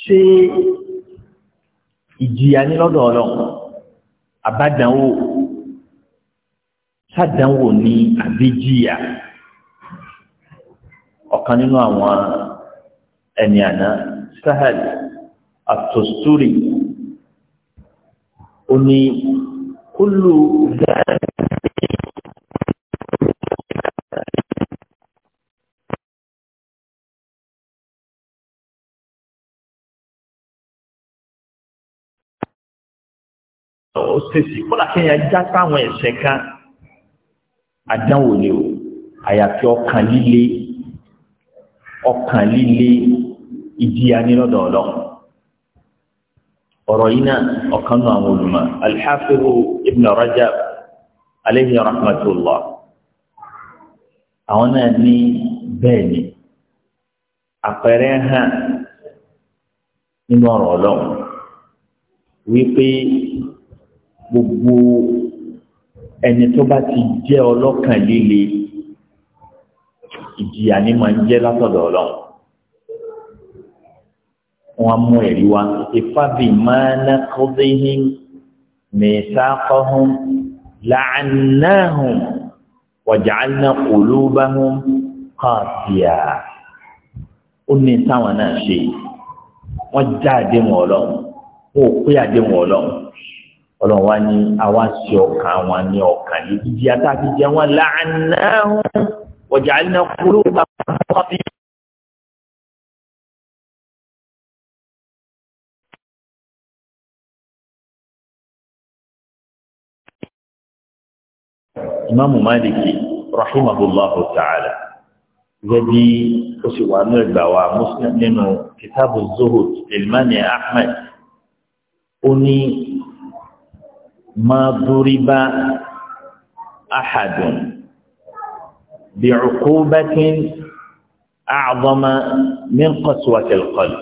ṣé ìjìyà ní lọ́dọ̀ ọlọ́run àbádànwò sádànwò ní àbíjìyà ọ̀kan nínú àwọn ẹni àná sahel atosturi ó ní kúlù dáadáa. ó ṣèṣì kódà kí èèyàn já sáwọn ẹ̀ṣẹ̀ kan àdánwò ni o àyàfi ọkàn líle ọkàn líle ìjìyà ní lọ́dọ̀ ọlọ́run ọ̀rọ̀ yìí náà ọ̀kan nù àwọn olùmọ̀ alḥafiru ibn rajab aleyhi rahmatullah àwọn náà ní bẹ́ẹ̀ ni àpẹẹrẹ hàn nínú ọ̀rọ̀ ọlọ́run wípé gbogbo ẹni tó bá ti jẹ́ ọlọ́kàn líle ìjìyà ni máa ń jẹ́ látọ̀dọ̀ ọlọ́run wọn mú ẹ̀rí wa ìfábì máa ná kọ́déhìn mẹ́sàkọ́hún làánáhùn wàjàánà olóbáhùn kàṣíà ó ní táwọn náà ṣe wọ́n já àdéhùn ọlọ́run wọn ò pé àdéhùn ọlọ́run ọlọ́run wa ní àwa ṣe ọkàn wọn ní ọkàn yìí ìdí àtàkì jẹ wọn láàánú ọjà àlìna kúrò bàbá wọn fi. imaamu maliki rahimahullahu ta'ala gẹbi ó sì wà ní ẹgbà wa muslim nínú kitabu zuhud ilmani ahmed ó ní. ما ضرب أحد بعقوبة أعظم من قسوة القلب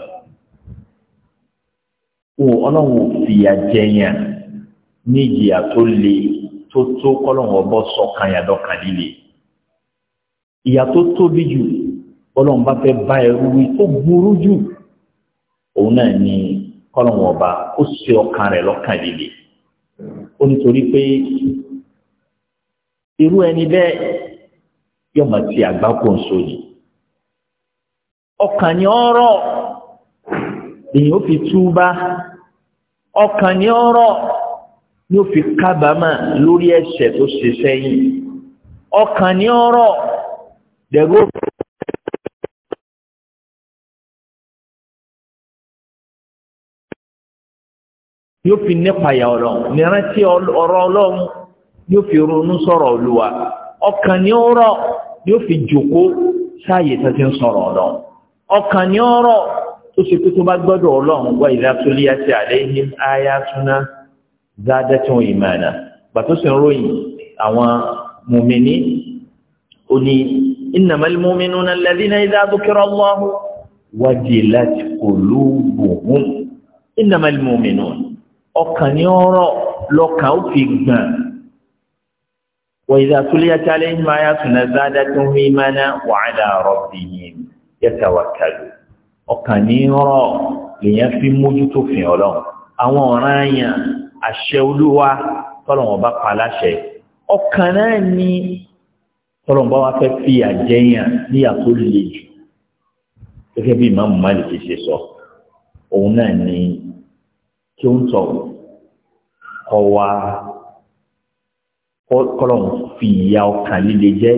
Ọlọ́run fìyà jẹyàn ní ìjìyà tó le tó tó kọ́lọ́run ọbọ̀ sọ̀kan yàdọ̀kan líle. Ìyà tó tóbi jù kọ́lọ́run bá fẹ́ bá ẹrú wí tó burú jù òun náà ni kọ́lọ́run ọba ó ṣe ọkàn rẹ̀ lọ́kàn ó nítorí pé irú ẹni bẹ́ẹ̀ yóò máa ti àgbákò ńsọ yìí ọkàn ni ọrọ ó fi túbá ọkàn ni ọrọ ni ó fi kábàámà lórí ẹ̀ṣẹ̀ tó ṣe sẹ́yìn ọkàn ni ọrọ dẹ̀rú yóò fi nípayà ọlọ́run nírántí ọ̀rọ̀ ọlọ́run yóò fi ronú sọ̀rọ̀ olúwa ọkàn ní ọ̀rọ̀ yóò fi jòkó sáàyè tó ti ń sọ̀rọ̀ ọlọ́run ọkàn ní ọ̀rọ̀ tó ṣe pé tó bá gbọ́dọ̀ ọlọ́run wá ìlà tó lé àti àléhìn ayatuna zádẹ́tún ìmọ̀nà gbàtó sì ń ròyìn àwọn mùmíní ó ní innamal mu'minuna alladhina idha dhukira Allahu wajilat qulubuhum innamal mu'minuna ọkàn ní ọ̀rọ̀ lọkàn ó fi gbọn wa idha tuliyat alayhim ayatuna zadatuhum imanan wa ala rabbihim yatawakkalun ọkàn ní ọ̀rọ̀ lèyàn fi mójútó fìn Ọlọ́run àwọn ọ̀ràn àyàn àṣẹ olúwa tọlọmọ bá pa láṣẹ ọkàn náà ní tọlọmọ bá wá fẹ́ fi àjẹyàn níyà tó le jù gẹ́gẹ́ bí Imam Malik ṣe sọ òun náà ní kí ó ń sọ kọ wa kọlọ̀ ń fi ìyà ọkàn líle jẹ́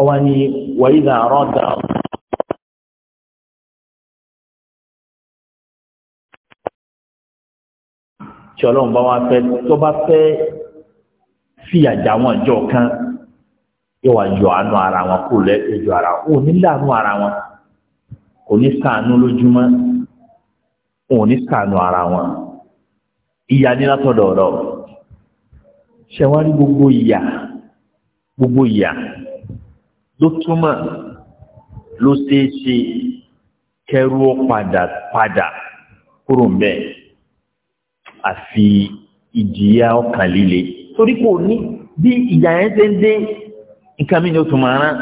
ọwọ́ ni wàyí bá wá fẹ́ tó bá fẹ́ fìyà wọn jọ kan ara wọn kó lẹ́ẹ̀kejì ara wọn ò wọn kò ní wọn ò ní sànù ara wọn ìyá ní látọ̀dọ̀ ọ̀rọ̀ ṣẹwárí gbogbo ìyà gbogbo ìyà ló túmọ̀ ló ṣeé ṣe kẹrù ó padà padà kúrò ń bẹ́ẹ̀ àfi ìjìyà ọkàn líle torí kò ní bí ìyà yẹn ṣe ń dé nǹkan mi ni ó tún máa rán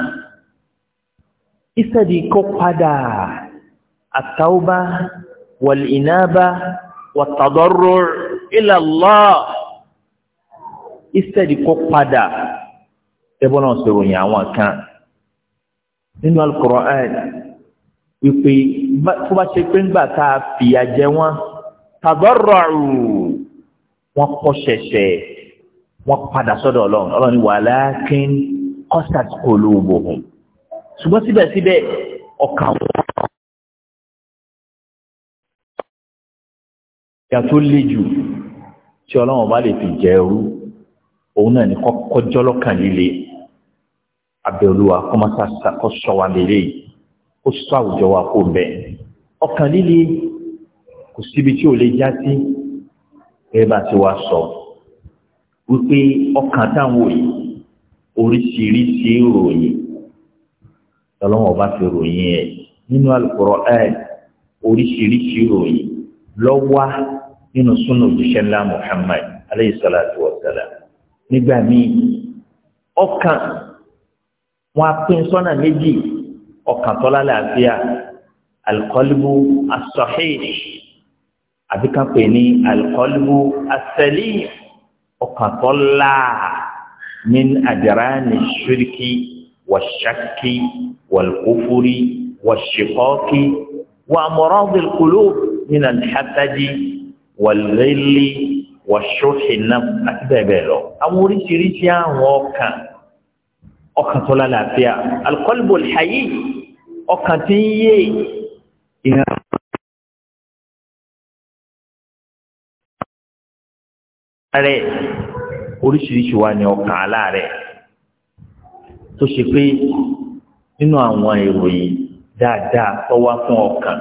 ìsẹ̀dí kọ́ padà àtàwọ́bá wàlìnàbà wàtàdọ́rọ̀ ìlàlá ìsẹ̀dì kó padà ẹbọ́n náà sọ̀rọ̀ yẹn àwọn kan nínú Al-Qur'an wípé tó bá ṣe pé ńgbà tá a fìyà jẹ wọn tàdọ́rọ̀ wọn kọ́ ṣẹ̀ṣẹ̀ wọn padà sọ́dọ̀ ọlọ́run ọlọ́run ni wàlákin qasat qulubuhum ṣùgbọ́n síbẹ̀síbẹ̀ ọkàn ìyà tó le jù tí ọlọ́run bá lè fi jẹ ẹrú òun náà ní kọ́kọ́ jọ́lọ́kàn líle abẹ́olúwa kọ́másásá kọ́ sọ wa lélẹ̀ kó sọ àwùjọ wa kó bẹ̀ ọkàn líle kò síbi tí ò lè já sí ẹ bá ti wá sọ wípé ọkàn táwọn òye oríṣiríṣi ìròyìn ọlọ́run ọba fi ròyìn ẹ̀ nínú Al-Qur'an oríṣiríṣi ìròyìn lọ́wọ́ nínú súnà òjíṣẹ́ ńlá Muhammad alayhi salatu wa salam nígbà míì ọkàn wọn á pín sọ́nà méjì ọkàn tọ́lá làáfíà alikọ́líbù asọ́hìí àbí pè ní alikọ́líbù asẹ́lì ọkàn tọ́lá min adrani shirki wa shakki wal kufuri wa shiqaqi wa amradil qulub. nínú àtàjì wàlẹ́lì wàṣọ́ṣìnà àti bẹ́ẹ̀ bẹ́ẹ̀ lọ. àwọn oríṣiríṣi àwọn ọkàn ọkàn tó lálàáfíà alikọ́lùbù ṣayí ọkàn tí ń yé ìhàn. rẹ̀ oríṣiríṣi wa ni ọkàn aláàrẹ̀ tó ṣe pé nínú àwọn ìròyìn dáadáa tó wá fún ọkàn.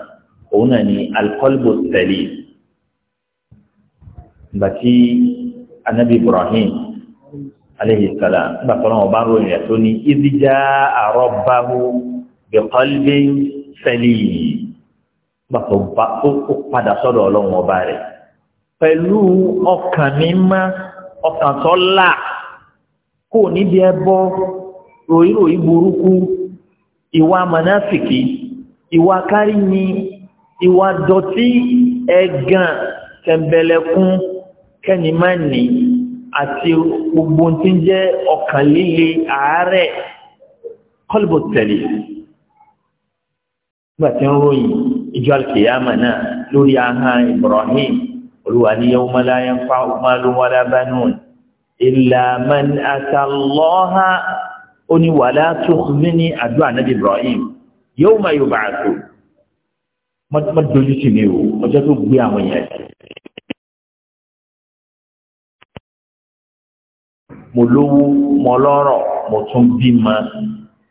òun náà ni alkọlbò tẹ̀lé ìgbà tí anabi ibrahim aleyhi salam nígbà tó náà ọba ń ròyìn rẹ̀ tó ní ìdíjà àrọ́báwò bẹ̀kọ́lbé tẹ̀lé nígbà tó bá ó padà sọ́dọ̀ ọlọ́run ọba rẹ̀ pẹ̀lú ọkàn mímọ́ ọkàn tó là kò níbi ẹbọ ròyìnròyìn burúkú ìwà mọ̀náfìkì ìwà kárí ni. ìwà dọ̀tí ẹ̀gàn tẹ̀m̀bẹ̀lẹ̀kún kẹ́nìmánì àti gbogbo tí ń jẹ́ ọkàn líle àárẹ̀ kọlbù tẹ̀lé nígbà tí ń ròyìn ìjọ alkiyama náà lórí ahán Ibrahim olúwa ní yawma la yanfa'u malun wala banun illa man náà má dojú sí mi o ọjọ́ tó gbé àwọn èèyàn sí. mo lówó mo lọ́rọ̀ mo tún bímọ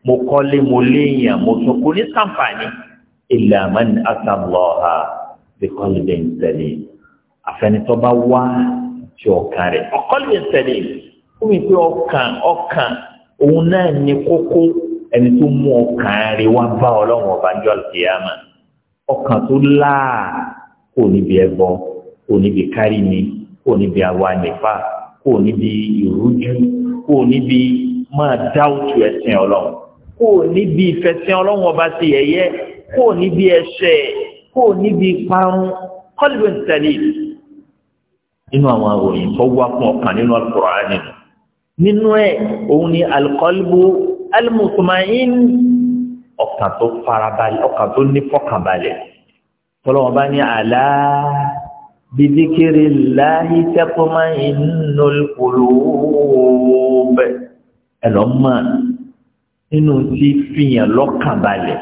mo kọ́lé mo léèyàn mo tún kò ní sàǹfààní illa man ata Allaha bi qalbin salim àfẹnitọ́ bá wá ti ọ̀kan rẹ̀ qalbin salim fún mi pé ọkàn ọkàn òun náà ní kókó ẹni tó mú ọkàn rẹ̀ wá bá ọlọ́run ọ̀bánjọ́ àlùkìyàmá ọkàn tó láà kò níbi ẹbọ kò níbi kárí ni kò níbi àwa nìfà kò níbi ìrújú kò níbi máa dáwùtù ẹsìn Ọlọ́run kò níbi ìfẹsìn Ọlọ́run ọba sí ẹyẹ kò níbi ẹ̀ṣẹ̀ kò níbi parun kọlùbẹ ntẹlẹ nínú àwọn àròyìn tó wá fún ọkàn nínú Al-Qur'ani nínú ẹ òun ni al-qalbu ọkàn tó farabalẹ̀ ọkàn tó ní fọkànbalẹ̀ tọ́lọ́wọ́n bá ní àlá bìdíkiri láyé tẹ́kọ́má inú olùkòlóòbẹ ẹ̀lọ́ mọ̀ nínú tí fìyàn lọ́kànbalẹ̀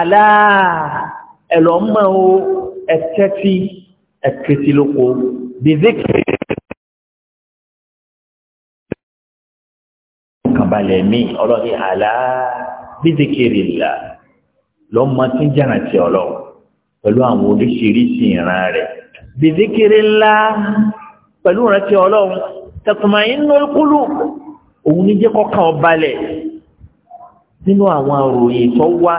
àlá ẹ̀lọ́ mọ̀ o ẹ̀tẹ́tí ẹ̀kẹ́tí lóko bìdíkiri lọ́kànbalẹ̀ mi ọlọ́ni àlá bídìkìrìlà lọ́mọ tí ń jẹ́ràn tí ọlọ́run pẹ̀lú àwọn oríṣiríṣi ìran rẹ̀ bídìkìrìlà pẹ̀lú ìrántí ọlọ́run tẹkùnmá inú kúlù òun ní jẹ́ kọ́kàn ọbalẹ̀ nínú àwọn òròyìn tó wá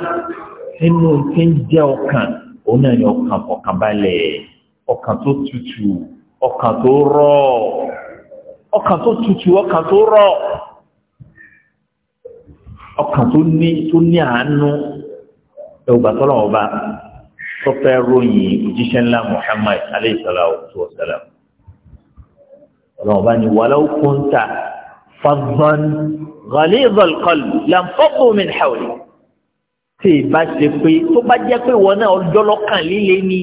nínú tí ń jẹ́ ọkàn òun náà ni ọkàn ọkànbalẹ̀ ọkàn tó tutù ọkàn tó rọ̀ ọkàn tó tutù ọkàn tó rọ̀ ọkàn tó ní tó ní àánú ẹ̀wùgbà tọ́lọ̀ ọba tó fẹ́ ròyìn òjíṣẹ́ ńlá Muhammad alayhi salatu wa salam ọ̀rọ̀ ọba ni walau kunta faddan ghalizal qalbi lanfaddu min hawlik tí ìbá ṣe pé tó bá jẹ́ pé wọn náà ọjọ́ lọ́kàn líle ni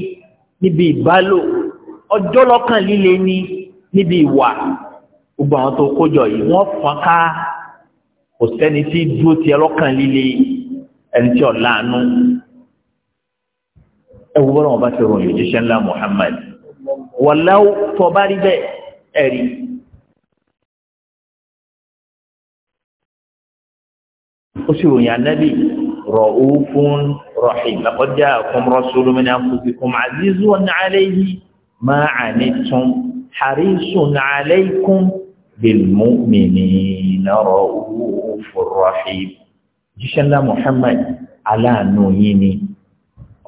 níbi ìbálò ọjọ́ lọ́kàn líle ni níbi ìwà gbogbo àwọn tó kójọ yìí wọ́n fọ́n ká kò sẹ́ni tí dúró ti ọlọ́kàn líle ẹni tí ọ̀la àánú ẹ wo bọ́lá wọn bá ti ròyìn òjíṣẹ́ ńlá Muhammad wàláwó tọ́ba rí bẹ́ẹ̀ ẹ̀rí. ó sì ròyìn anábì ra'ufun rahim laqad ja'akum rasulun min anfusikum azizun alayhi ma anittum harisun alaykum bil mu'minin. رؤوف رحيم jíṣẹ́ ńlá Muhammad aláàánú yín ni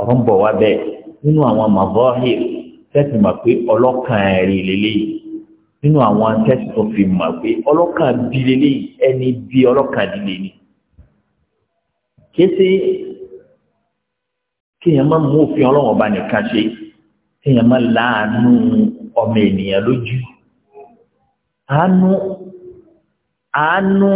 ọ̀rọ̀ bọ̀ wá bẹ́ẹ̀ nínú àwọn màbọ́ọ̀hì tẹ́sí mọ̀ pé ọlọ́kàn rí lélẹ́yìí nínú àwọn tẹ́sí tó fi mọ̀ pé ọlọ́kàn bí lélẹ́yìí ẹni bí ọlọ́kàn líle ni kéèyàn mú òfin ọlọ́wọ́n nìkan àánú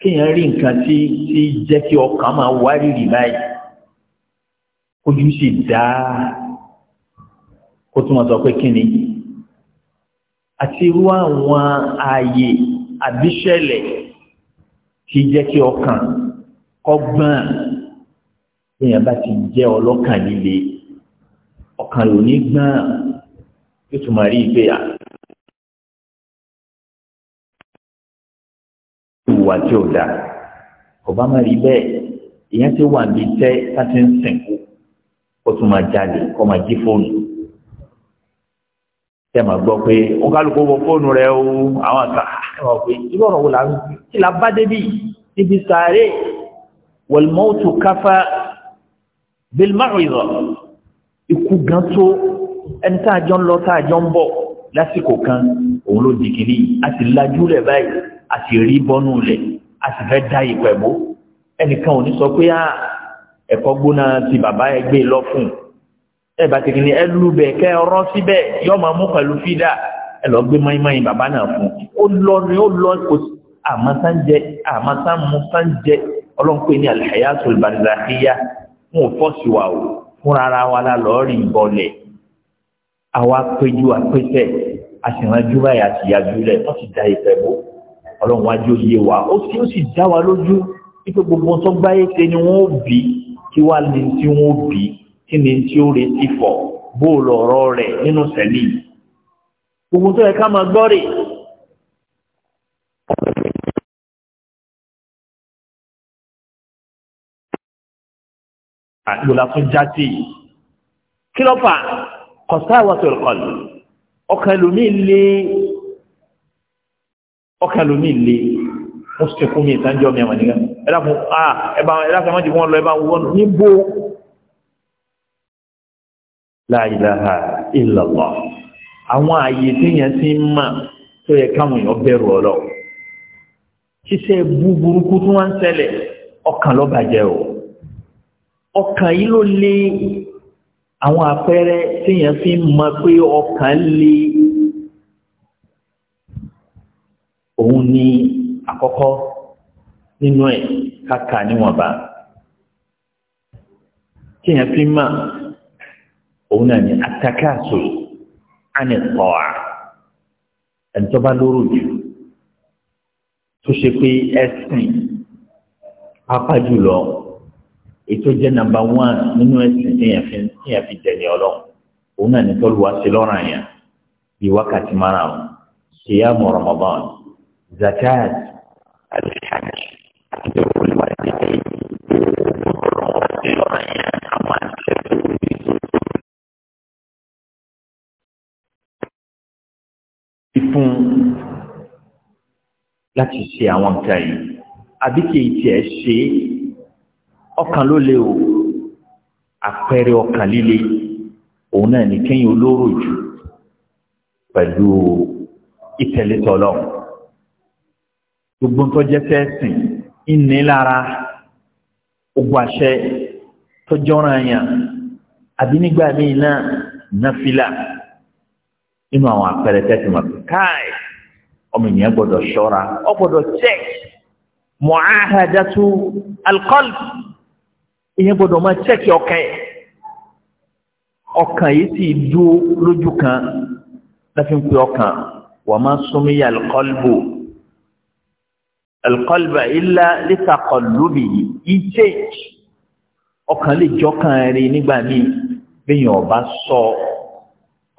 kéèyàn rí nǹkan tí tí jẹ́ kí ọkàn máa wárìrì báyìí ojú sì dá kó tún wọn sọ pé kí ni àti irú àwọn ààyè àbíṣẹ̀lẹ̀ tí jẹ́ kí ọkàn kọ́gbọ́n kéèyàn bá ti jẹ́ ọlọ́kàn líle ọkàn ló ní gbọ́n yóò tún rí ìgbéyàwó. wùwà tí ò dáa ọba má rí bẹ́ẹ̀ ìyẹn ti wà bíi tẹ́ láti ń sìnkú ó tún máa jáde kó máa jí fóònù tẹ́ máa gbọ́ pé ó kálukú wọ fóònù rẹ o àwọn àgbà ah, ẹ̀ wọ́n pé irú ọ̀rọ̀ wo la ń kí la bá débi níbi sàárè wọ̀lmọ́tò káfá bilmarida ikú gan tó ẹni tá a jọ ń lọ tá a jọ ń bọ̀ lásìkò kan òun ló di a sì lajú rẹ̀ báyìí a sì rí bọ́nú lẹ̀ a sì fẹ́ dá ìpẹ̀ bó ẹnìkan ò ní sọ pé ẹ̀kọ́ gbóná ti bàbá ẹgbẹ́ lọ fún ẹ bá tẹ̀kí ni ẹ lù bẹ̀ kẹ́ ẹ rọ́ síbẹ̀ yọ máa mú pẹ̀lú fídà ẹ lọ bàbá náà fún ó lọ ni ó lọ kò sí àmọ́sáńjẹ àmọ́sáńjẹ ọlọ́pẹ́ ní alhayatul barzakhiya wọn ò fọ́sí wa o ara wa la lọ́ọ́ rí ìbọlẹ̀ àwa péjú apẹ́sẹ̀ àṣìrànjú báyà àti ìyájú lẹ̀ wọ́n ti da ìfẹ́ bò ọlọ́run wájú òye wa ó sì ó sì dá wa lójú wípé gbogbo tó gbáyé ṣe ni wọ́n bí kí wá ní tí wọ́n bí kí ni tí ó retí fọ̀ bó lọ̀rọ̀ rẹ̀ nínú sẹ́lì gbogbo tó yẹ máa gbọ́ rè àgbòlá ah, tún já kí ló fà kọ̀sáwọ́sọ̀rọ̀ kọ̀lù ọkàn ẹlòmíì lé ọkà lómi ilé mo sì kún mi ìtànjọ́ mi àwọn nìkan ah ẹ̀bá ẹ̀dá lọ ẹ̀bá wọn níbo la ilaha àwọn ààyè ti ń mà tó yẹ káwọn èèyàn bẹ̀rù búburúkú tí o ọkàn yìí ló lé àwọn àpẹẹrẹ fi ń mọ pé ọkàn òun ní àkọ́kọ́ nínú ẹ̀ káka níwọ̀nba kí èèyàn fi mà òun náà ní àtàkàṣù àní tọ́à ẹni tó bá lóró jù tó ṣe pé ẹ̀sìn pápá jùlọ ètò jẹ́ nàmbà wán nínú ẹ̀sìn tí èèyàn fi tẹ̀lé ọlọ́run òun náà ní tọ́lùwá sí lọ́ràn yẹn bí márùn-ún síyàmù Ramadan zakat alhaj ìfún láti ṣe àwọn nǹkan yìí àbí kì í tiẹ̀ ṣe ọkàn ló lè o àpẹẹrẹ ọkàn líle òun náà ní kéyìn olóró jù pẹ̀lú ìtẹ̀lẹ́tọ̀ ọlọ́run gbogbo tó jẹ́ fẹ́sìn ìnilára ogun àṣẹ tó jọ́ràn àyàn àbí nígbà míì náà náfìlà nínú àwọn àpẹẹrẹ tẹ́sí mọ̀ pé káì ọmọ ènìyàn gbọ́dọ̀ ṣọ́ra ọ gbọ́dọ̀ check mu'ahadatu alqalb èèyàn gbọ́dọ̀ máa check ọkàn yẹn ọkàn yìí sì dúró lójú kan láfi ń pè ọkàn wa ma sumiya alqalbu alqalba illa litaqallubihi ìjẹ́jì ọkàn lè jọ́kàn rí nígbà míì bẹ́yìn ọba sọ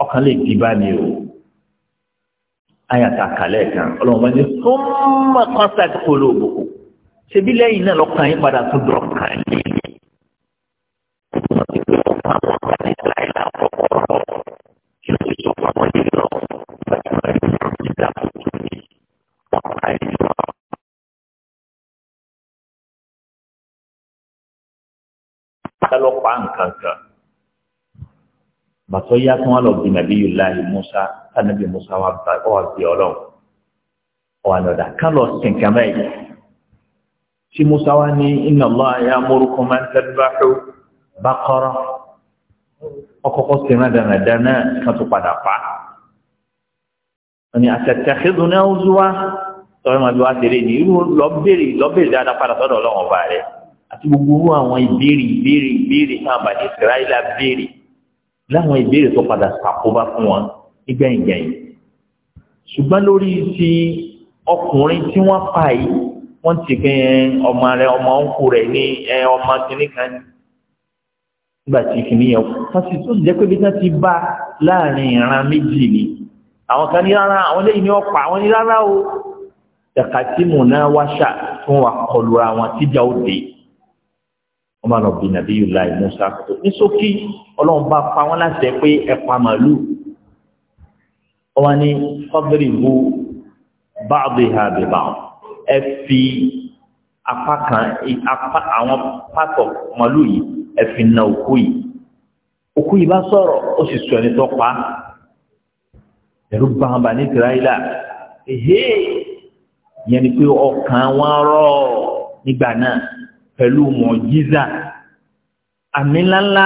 ọkàn lè dìbà ní o ayàtà kàlẹ́ kan ọlọ́run bá ní summa qasat qulubukum ṣebí lẹ́yìn náà lọ́kàn yín padà tún dọ̀rọ̀ ọ̀pá nǹkan kan bàtọ́ yá kí wọ́n lọ bí nàbí yìí láàyè Musa sanabi Musa wà bá ọ̀ bí ọlọ́run ọ̀wà lọ́dà ká lọ sìn kàmẹ́ yìí tí Musa wá ní inna Allah ya'murukum an tadbahu baqara ọkọ̀kọ́ sí náà dáadáa náà kan tó padà pa ni àtẹ̀tẹ̀xẹ́dùn náà ó zuwa tọ́wọ́n máa bí wá tẹ̀lé ní irú lọ́bẹ̀rẹ̀ lọ́bẹ̀rẹ̀ dáadáa padà sọ́dọ̀ ọlọ́run ọba rẹ̀ àti gbogbo àwọn ìbéèrè ìbéèrè ìbéèrè náà bàdé ìsirayílà béèrè láwọn ìbéèrè tó padà ṣàkóbá fún wọn nígbẹ̀yìngbẹ̀yìn ṣùgbọ́n lórí ti ọkùnrin tí wọ́n pa yìí wọ́n ti gbé ọmọ rẹ ọmọ òǹkù rẹ ní ọmọ kìnnì kan nígbà tí kìnnì yẹn wọ́n sì tó jẹ́ pé bí wọ́n ti bá láàrin ìran méjì ni àwọn kan ní rárá àwọn lẹ́yìn ní ọ̀pá àwọn ní rárá o ẹ̀ka tí mò ń náà wáṣà fún wa kọlu àwọn tíjà òde wọ́n máa lọ bí nàbí yìí láì Musa kótó ní sókí ọlọ́run bá pa wọ́n láṣẹ pé ẹ pa màálù wọ́n wá ní fọ́bìrì bu báàbí ha bèbà ẹ fi apá kan apá àwọn pátọ̀ màálù yìí ẹ fi na òkú yìí òkú yìí bá sọ̀rọ̀ ó sì sọ ẹni tó pa ẹ̀rú bàbà ní tìráyìlà èhè yẹn ni pé ọkàn wọn rọ̀ nígbà náà pẹ̀lú mọ̀jíza àmì ńláńlá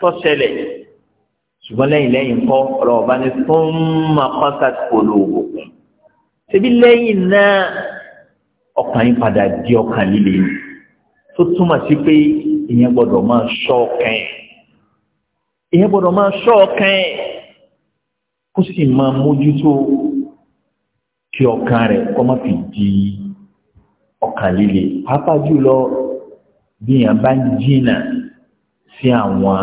tó ṣẹlẹ̀ ṣùgbọ́n lẹ́yìn lẹ́yìn kọ́ ọ̀rọ̀ ọba ní fúnmà pàtàkì olóògùn ṣebí lẹ́yìn náà ọkàn yín padà di ọkàn líle tó túmọ̀ sí pé ìyẹn gbọ́dọ̀ máa ṣọ́ ọkàn ìyẹn gbọ́dọ̀ máa ṣọ́ ọkàn kó sì máa mójútó kí ọkàn rẹ̀ kó má fi di ọkàn líle pàápàá jùlọ bíyàn bá jìnnà sí àwọn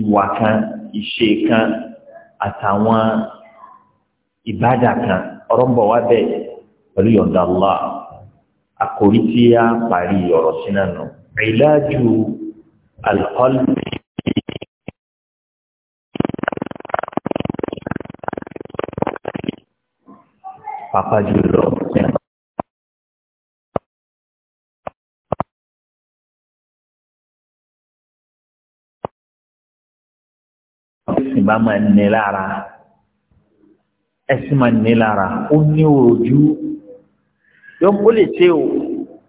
ìwà kan ìṣe kan àtàwọn ìbádà kan ọ̀rọ̀mbọ̀ ń bọ̀ wá bẹ́ẹ̀ pẹ̀lú yọ̀ǹda Allah àkòrí tí a parí ọ̀rọ̀ sínà náà nù. ìlàjú alqalbi pàápàá jùlọ bá máa ní lára ẹ̀sìn máa ní lára ó ní òòjú yóò kó lè ṣe o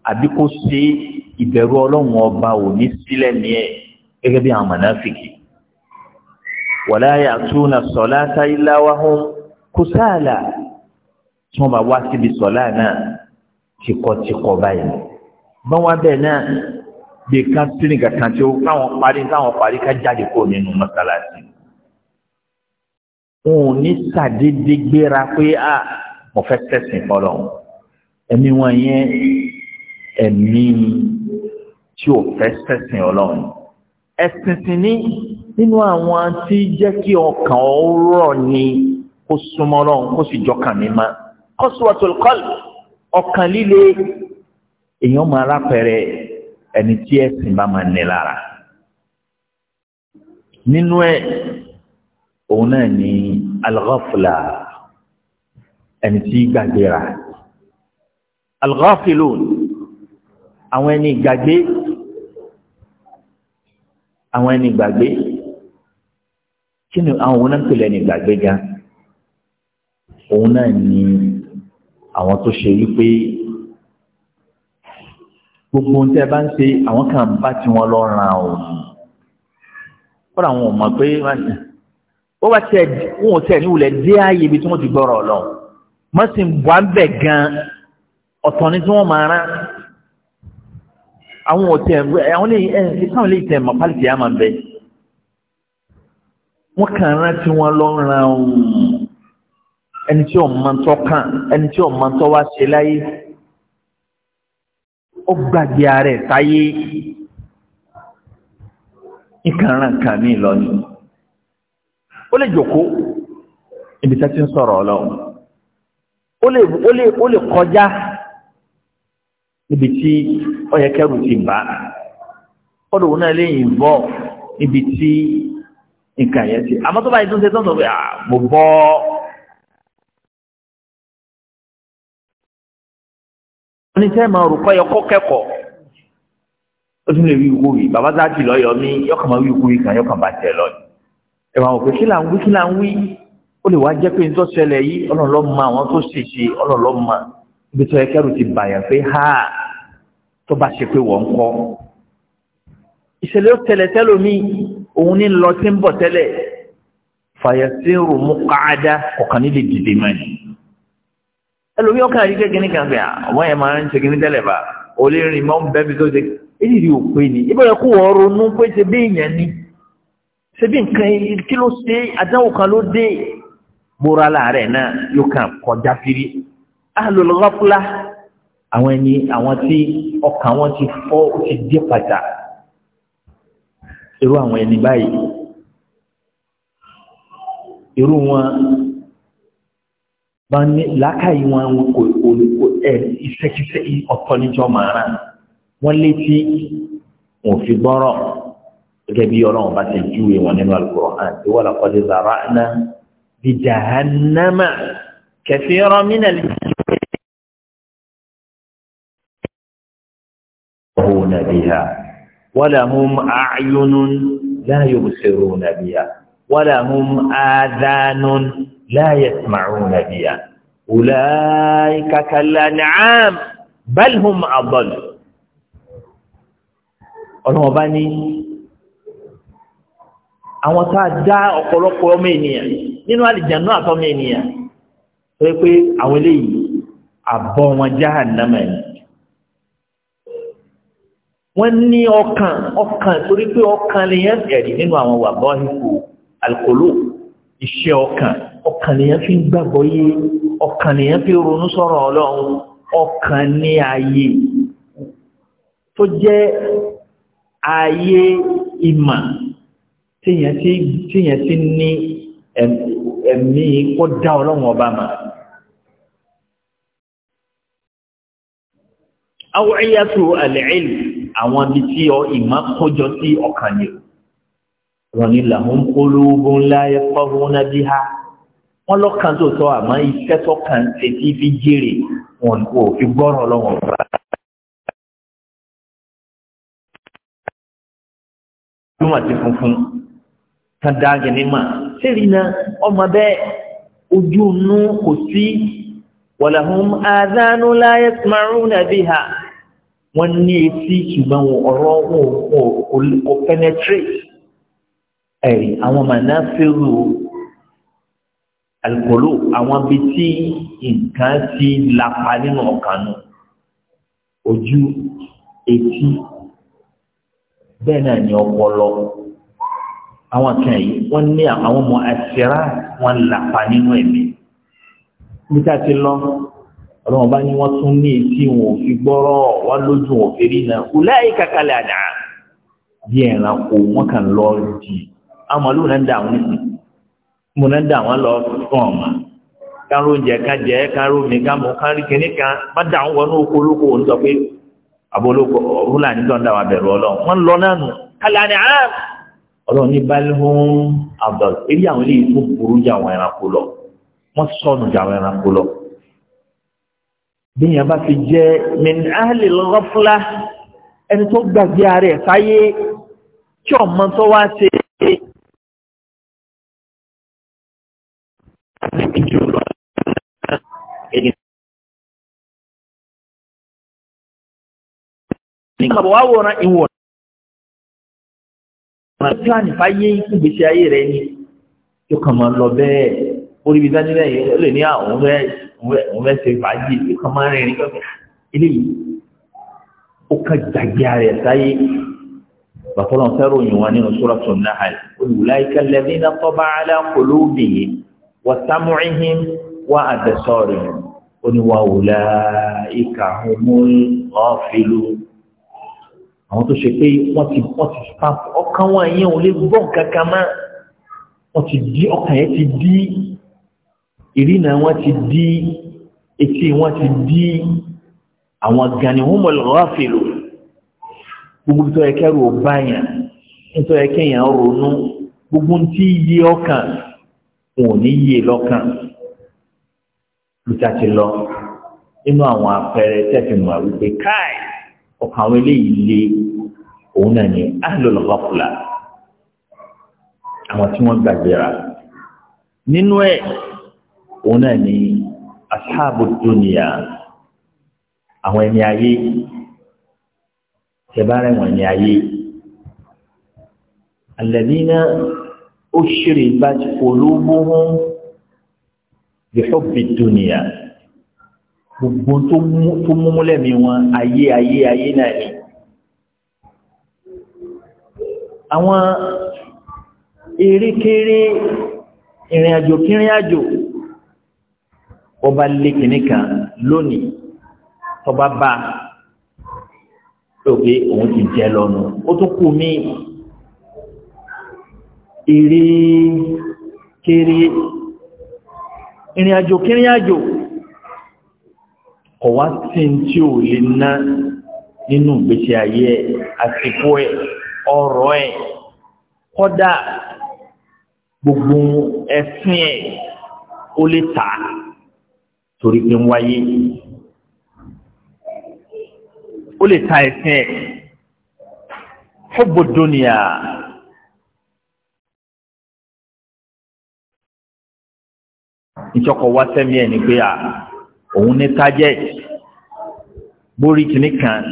àbí kó ṣe ìbẹ̀rù ọlọ́run ọba ò ní sílẹ̀ ní ẹ̀ gẹ́gẹ́ bí àwọn mọ̀nàfìkì wala ya'tuna salata illa wa hum kusala tí wọ́n bá wá síbi sọ̀lá náà tìkọ̀tìkọ̀ báyìí bá wá bẹ́ẹ̀ náà bí ká sínú kankan tí ó káwọn parí káwọn parí ká jáde kó nínú mọ́sálásí wọn ò ní sàdédé gbéra pé a mo fẹ́ tẹ̀sìn fọlọ́ ẹ̀mí wọn yẹn ẹ̀mí tí ò fẹ́ tẹ̀sìn ọlọ́run ẹ̀sìn ní nínú àwọn tí jẹ́ kí ọkàn ọ̀rọ̀ ni kó súnmọ́ ọlọ́run kó sì jọkàn mi má qaswatul qalb ọkàn líle èèyàn máa lápẹẹrẹ ẹni tí ẹ̀sìn bá máa ní nínú ẹ̀ òun náà ni al-ghafla ẹni tí gbàgbéra al-ghafilun àwọn ẹni gbàgbé àwọn ẹni gbàgbé kí ni àwọn òun náà ń pèlè ẹni gbàgbé gan òun náà ni àwọn tó ṣe wípé gbogbo ohun tí a bá ń ṣe àwọn kan bá tiwọn lọ ràn òun kódà àwọn ò mọ̀ pé wọ́n ti ó bá tẹ wọn ò tẹ ní wulẹ̀ dé ààyè ibi tí wọ́n ti gbọ́rọ̀ lọ wọ́n sì ń bọ́ à ń bẹ̀ gan ọ̀tọ̀ ni tí wọ́n máa rán àwọn ò tẹ àwọn lè ẹ ẹ káwọn lè tẹ mọ̀pálítì àmà bẹ wọ́n kàn rán tí wọ́n lọ ràn ọ́n ẹni tí ò máa ń tọ́ kàn ẹni tí ò máa ń tọ́ wá ṣe láyé ó gbàgbé ara ẹ̀ táyé ìkànnà kan ní ìlọrin ó lè jòkó ibi tẹ́ ti ń sọ̀rọ̀ ọlọ́run ó lè ó lè ó lè kọjá níbi tí ọ̀yẹ́kẹ́rù ti bá ọ̀dọ̀ òun náà lè yìnbọ̀ níbi tí nǹkan yẹn ti àmọ́ tó báyìí tó ń ṣe tó ń sọ pé mo bọ́ ní sẹ́ máa rò kọ́ kó kẹ́kọ̀ọ́ ó tún lè wí ikú wì bàbá sáà ti lọ́ọ́ mí yọkàn máa wí ikú wì kan yọkàn bá tẹ̀ lọ́ọ́ ẹ̀wọ̀n àwọn òpin kí là ń wí kí là ń wí ó lè wá jẹ́ pé nítorí ṣẹlẹ̀ yìí ọlọ́run ló mọ̀ àwọn tó sì ṣe ọlọ́run ló mọ̀ ibi tó yẹ kẹ́rù ti bàyàn pé ha tó bá ṣe pé wọ́n ń kọ́ ìṣẹ̀lẹ̀ ó tẹ̀lẹ̀ tẹ́lò mí òun ní lọ tí ń bọ̀ tẹ́lẹ̀ fàyẹ̀sírù mú káàdá ọ̀kan nílé dìde mọ́ ni ẹlòmí ọkàn yìí kékeré kan fẹ́ àwọn yẹn máa ń ṣe kíní tẹ́lẹ̀ bá olè rìn mọ́ bẹ́ẹ̀ bí tó ṣe èyí ni ṣebí nǹkan kí ló ṣe àdánwò kan ló dé bóra láàárẹ̀ náà yóò kàn kọjá firi ahlul ghafla àwọn ẹni àwọn tí ọkàn wọn ti fọ́ ó ti dé pàtà irú àwọn ẹni báyìí irú wọn bá ní làákàyè wọn kò kò ẹ iṣẹ́kíṣẹ́ ọ̀tọ̀ níjọ́ màrán wọn létí wọn fi gbọ́rọ̀. gẹ́gẹ́ bí ọlọ́run bá ti júwe wọn nínú Al-Qur'an tí wọ́n lọ́kọ́ lè zàrà náà bí jahannama kathiran min al-jinn. يبصرون بها ولهم أعين لا يبصرون بها ولهم آذان لا يسمعون بها أولئك كالأنعام بل هم أضل ọlọ́wọ́ bá ní àwọn tá a dá ọ̀pọ̀lọpọ̀ ọmọ ènìyàn nínú àlìjànú àtọ́mọ ènìyàn tó yẹ pé àwọn eléyìí àbọ̀ wọn jahannama ẹ̀ wọ́n ní ọkàn ọkàn torí pé ọkàn lèyàn ẹ̀rí nínú àwọn wàbọ̀ ipò alukolo iṣẹ́ ọkàn ọkàn fi gbàgbọ́ yé ọkàn fi ronú sọ̀rọ̀ ọlọ́run ọkàn ní tó jẹ́ ìmọ̀ tíyẹn ti ní ẹ̀mí kó dá ọlọ́run ọba mà. awọ́yàtò àlẹ́ẹ̀lì àwọn ibi tí ọ ìmọ̀ kọjọ sí ọkàn ni rọ̀ní làwọn ológun láyé fọ́rún bí ha wọ́n lọ́kàn tó tọ́ àmọ́ iṣẹ́ tó kàn ṣe tí fi jèrè wọn kò fi gbọ́rọ̀ ọlọ́run ọba. Túmọ̀ sí funfun kan dáàgẹ̀ mímọ̀ sẹ́rí náà ọmọ bẹ́ẹ̀ ojú nú kò sí wàlàhùn àdánù láyé márùn nàbí ha wọ́n ní etí ṣùgbọ́n ọ̀rọ̀ kò penetrate ẹ̀rí àwọn màná fẹ́rù alukolo àwọn bíi tí nǹkan ti lapa nínú ọkàn nù ojú etí bẹ́ẹ̀ náà ni ọpọlọ àwọn kan yìí wọ́n ní àwọn ọmọ àṣírá wọn làpá nínú ẹ̀mí níta ti lọ ọlọ́wọ́n bá ní wọ́n tún ní etí wọn ò fi gbọ́rọ̀ wọ́n lójú wọn fi rí náà wùláyé kàkàlẹ̀ àdá bí ẹ̀rànkò wọn kàn lọ di àwọn ọlọ́wọ́n náà ń dà wọn sí mo náà ń dà wọn lọ fún ọmọ káró oúnjẹ ká jẹ káró mi ká mọ kárí kínní kan bá dà wọn wọnú oko olóko òun sọ pé àbólóko rúlà nítorí àwọn abẹ̀rù ọlọ́run wọ́n lọ náà nù kàlẹ̀ àdá ọlọ́run ní balhum abdul eré àwọn eléyìí tó burú jà àwọn ẹranko lọ wọ́n sọnù jà àwọn ẹranko lọ bí yẹn bá ti jẹ́ min ahli al ẹni tó gbàgbé ara ẹ̀ sáyé tí ọmọ tó wá ṣe é. nígbà wàá wòran ìwọ̀n máa plan fáyé ikú gbèsè ayé rẹ ni yóò kàn máa lọ bẹ́ẹ̀ orí ibi dání lẹ́yìn ó lè ní àwọn ọ̀rẹ́ ọ̀rẹ́ ṣe fàájì yóò kàn máa rìnrìn lọ́kẹ́ eléyìí ó kàn gbàgbé ara ẹ̀ sáyé bàtọ́lọ́ fẹ́ràn òyìn wọn nínú Suratul Nahl ulaika alladhina taba'a ala qulubihim wa sam'ihim wa absarihim ó ní wa ulaika humul ghafilun àwọn tó ṣe pé wọ́n ti wọ́n ti fa ọkàn wọn yẹn ò lè gbọ́ kankan mọ́ wọ́n ti di ọkàn yẹn ti di ìrìnà wọn ti di etí wọn ti di àwọn gani wọn mọ̀ lọ́wọ́ àfẹ́lò gbogbo tó yẹ kẹ́rù ò bá yàn nítorí yẹ kéèyàn ronú gbogbo tí yé ọkàn wọn ò ní yé lọ́kàn lùtà ti lọ nínú àwọn àpẹẹrẹ tẹ̀sí mọ̀ wípé káì ọkàn àwọn eléyìí lé òun náà ní ahlul ghafla àwọn tí wọ́n gbàgbéra nínú ẹ̀ òun náà ní ashabu dunya àwọn ẹni ayé tẹ̀bára wọn ẹni ayé alladhina ushribat qulubuhum bi hubbi dunya gbogbo tó mú múlẹ̀mí wọn ayé ayé ayé náà ni. àwọn erékeré ìrìn àjò kírin àjò ọba lé kìnnì kan lónìí tọba bá lóògbé òun ti jẹ lọnà ó tún kú mí erékeré ìrìn àjò kọ̀ wá sí tí ò lè ná nínú ìgbésí ayé ẹ̀ àsìkò ẹ̀ ọ̀rọ̀ ẹ̀ kọ́dà gbogbo ẹ̀sìn ẹ̀ ó lè tà torí pé ń wáyé ó lè ta ẹ̀sìn ẹ̀ fọ́bọ̀dọ́nìyà. ìjọkọ̀ wá sẹ́mi ẹ̀ ní òun ní target borí kìíní kan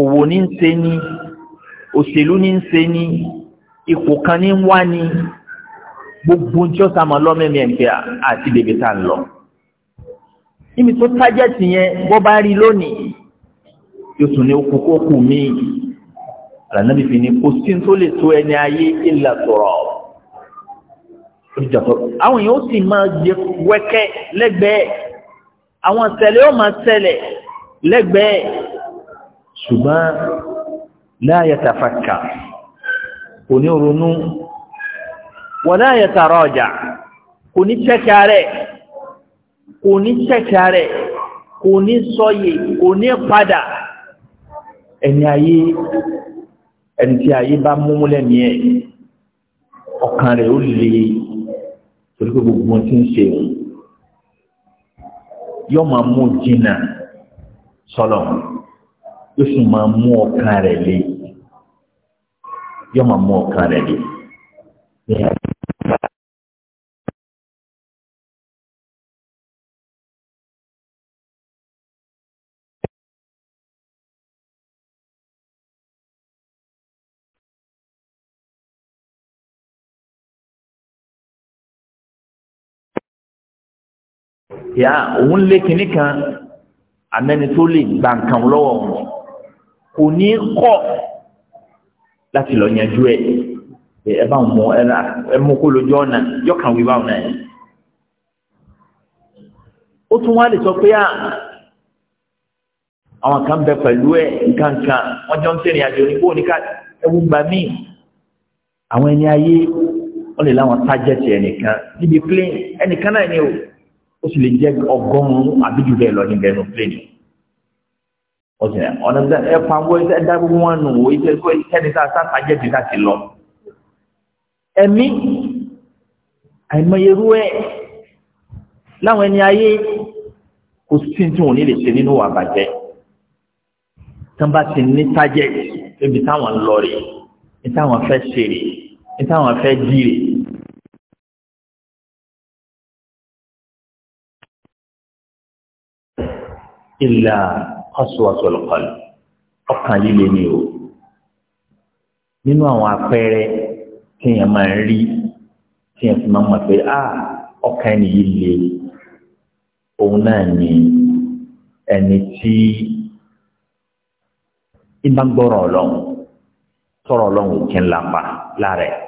òwò ní ń ṣe ní òṣèlú ní ń ṣe ní ipò kan ní ń wá ní gbogbo tí ó sàmọ lọ́mẹ́mí ẹ̀ǹpẹ́ àti bèbè tá ń lọ. níbi tó target yẹn bọ́ bá rí lónìí yóò tún ní okùn míì àlànàbí fi ní kò sí tó lè tó ẹni ayé ìlà sọ̀rọ̀ àwọn èèyàn sì máa jẹ wẹ́kẹ́ lẹ́gbẹ̀ẹ́ àwọn ìṣẹ̀lẹ̀ ó máa ṣẹlẹ̀ lẹ́gbẹ̀ẹ́ ṣùgbọ́n la yatafakkar kò ní ronú wala yataraja kò ní chẹ́kà rẹ̀ kò ní chẹ́kà rẹ̀ kò ní sọyè kò ní padà ẹni ayé ẹni tí ayé bá múmú lẹ́mìí ẹ̀ ọkàn rẹ̀ ó lè torí gbogbo ohun ń ṣe òun yóò máa mú jìnnà sọlọ yóò sì máa mú ọkàn rẹ̀ le yóò máa mú ọkàn rẹ̀ le. Ya, òun lé kinní kan amẹ́ni tó lè gba nǹkan lọ́wọ́ wọn kò ní kọ́ láti lọ yanjú ẹ̀ ẹ bá mú ẹ mú kó lójú ọ̀nà yọkàn wí báwọn náà ó tún wá lè sọ pé ah, àwọn kan bẹ pẹ̀lú ẹ̀ nǹkankan wọ́n jọ ń tẹ̀rìn àjò nípò ní ká ẹwú gbà mí àwọn ẹni ayé wọ́n lè láwọn tájẹ́tì ẹnìkan níbi plane ẹnìkan náà ni o ó sì lè jẹ́ ọgọ́rùn-ún àbí jù bẹ́ẹ̀ lọ ní bẹ́ẹ̀ nù plane ọ̀sẹ̀ ọ̀nà ẹ̀fà wọ́n ẹ̀ dá gbogbo wọn nù wọ́n ìṣe kó ẹni tá a sáfà jẹ́ ti láti lọ. ẹ̀mí àìmọye irú ẹ̀ láwọn ẹni ayé kò sí tí wọn ò ní lè ṣe nínú wà bàjẹ́ tán bá ti ní tájẹ́ ibi táwọn ń lọ rè ní táwọn fẹ́ ṣe rè ní táwọn fẹ́ jí rè ìlà qaswatul qalb ọkàn líle ni o nínú àwọn àpẹẹrẹ kéèyàn máa ń rí kéèyàn fi máa mọ̀ pé a ọkàn ẹni yìí le òun náà ni ẹni tí ìbá gbọ́rọ̀ ọlọ́run tọrọ ọlọ́run kí n lápá lára ẹ̀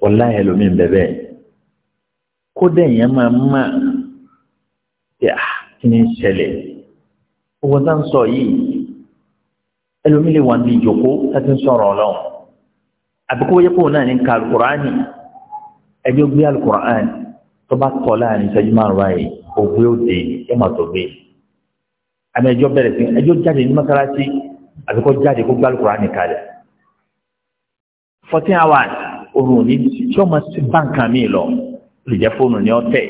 wọ́n láyé lómi bẹ́ẹ̀ kódà èèyàn máa ń máa yà kí ni ń ṣẹlẹ̀ owó tá ń sọ yìí ẹlòmíì lè wà ní ìjòkó láti ń sọ̀rọ̀ ọlọ́run àbíkó yẹ kó náà ní ka alukur'ani ẹjọ́ gbé alukur'ani tó bá tọ́ láàrin ìṣẹ́jú márùn-ún báyìí ògbé òde ẹ̀ máa tó gbé àmì ẹjọ́ bẹ̀rẹ̀ sí ẹjọ́ jáde ní mọ́sálásí àbíkó jáde kó gbé alukur'ani kalẹ̀ fourteen hours oorun ní tí ọmọ sí báǹkà mi lọ lè jẹ́ fóònù ní ọ̀tẹ̀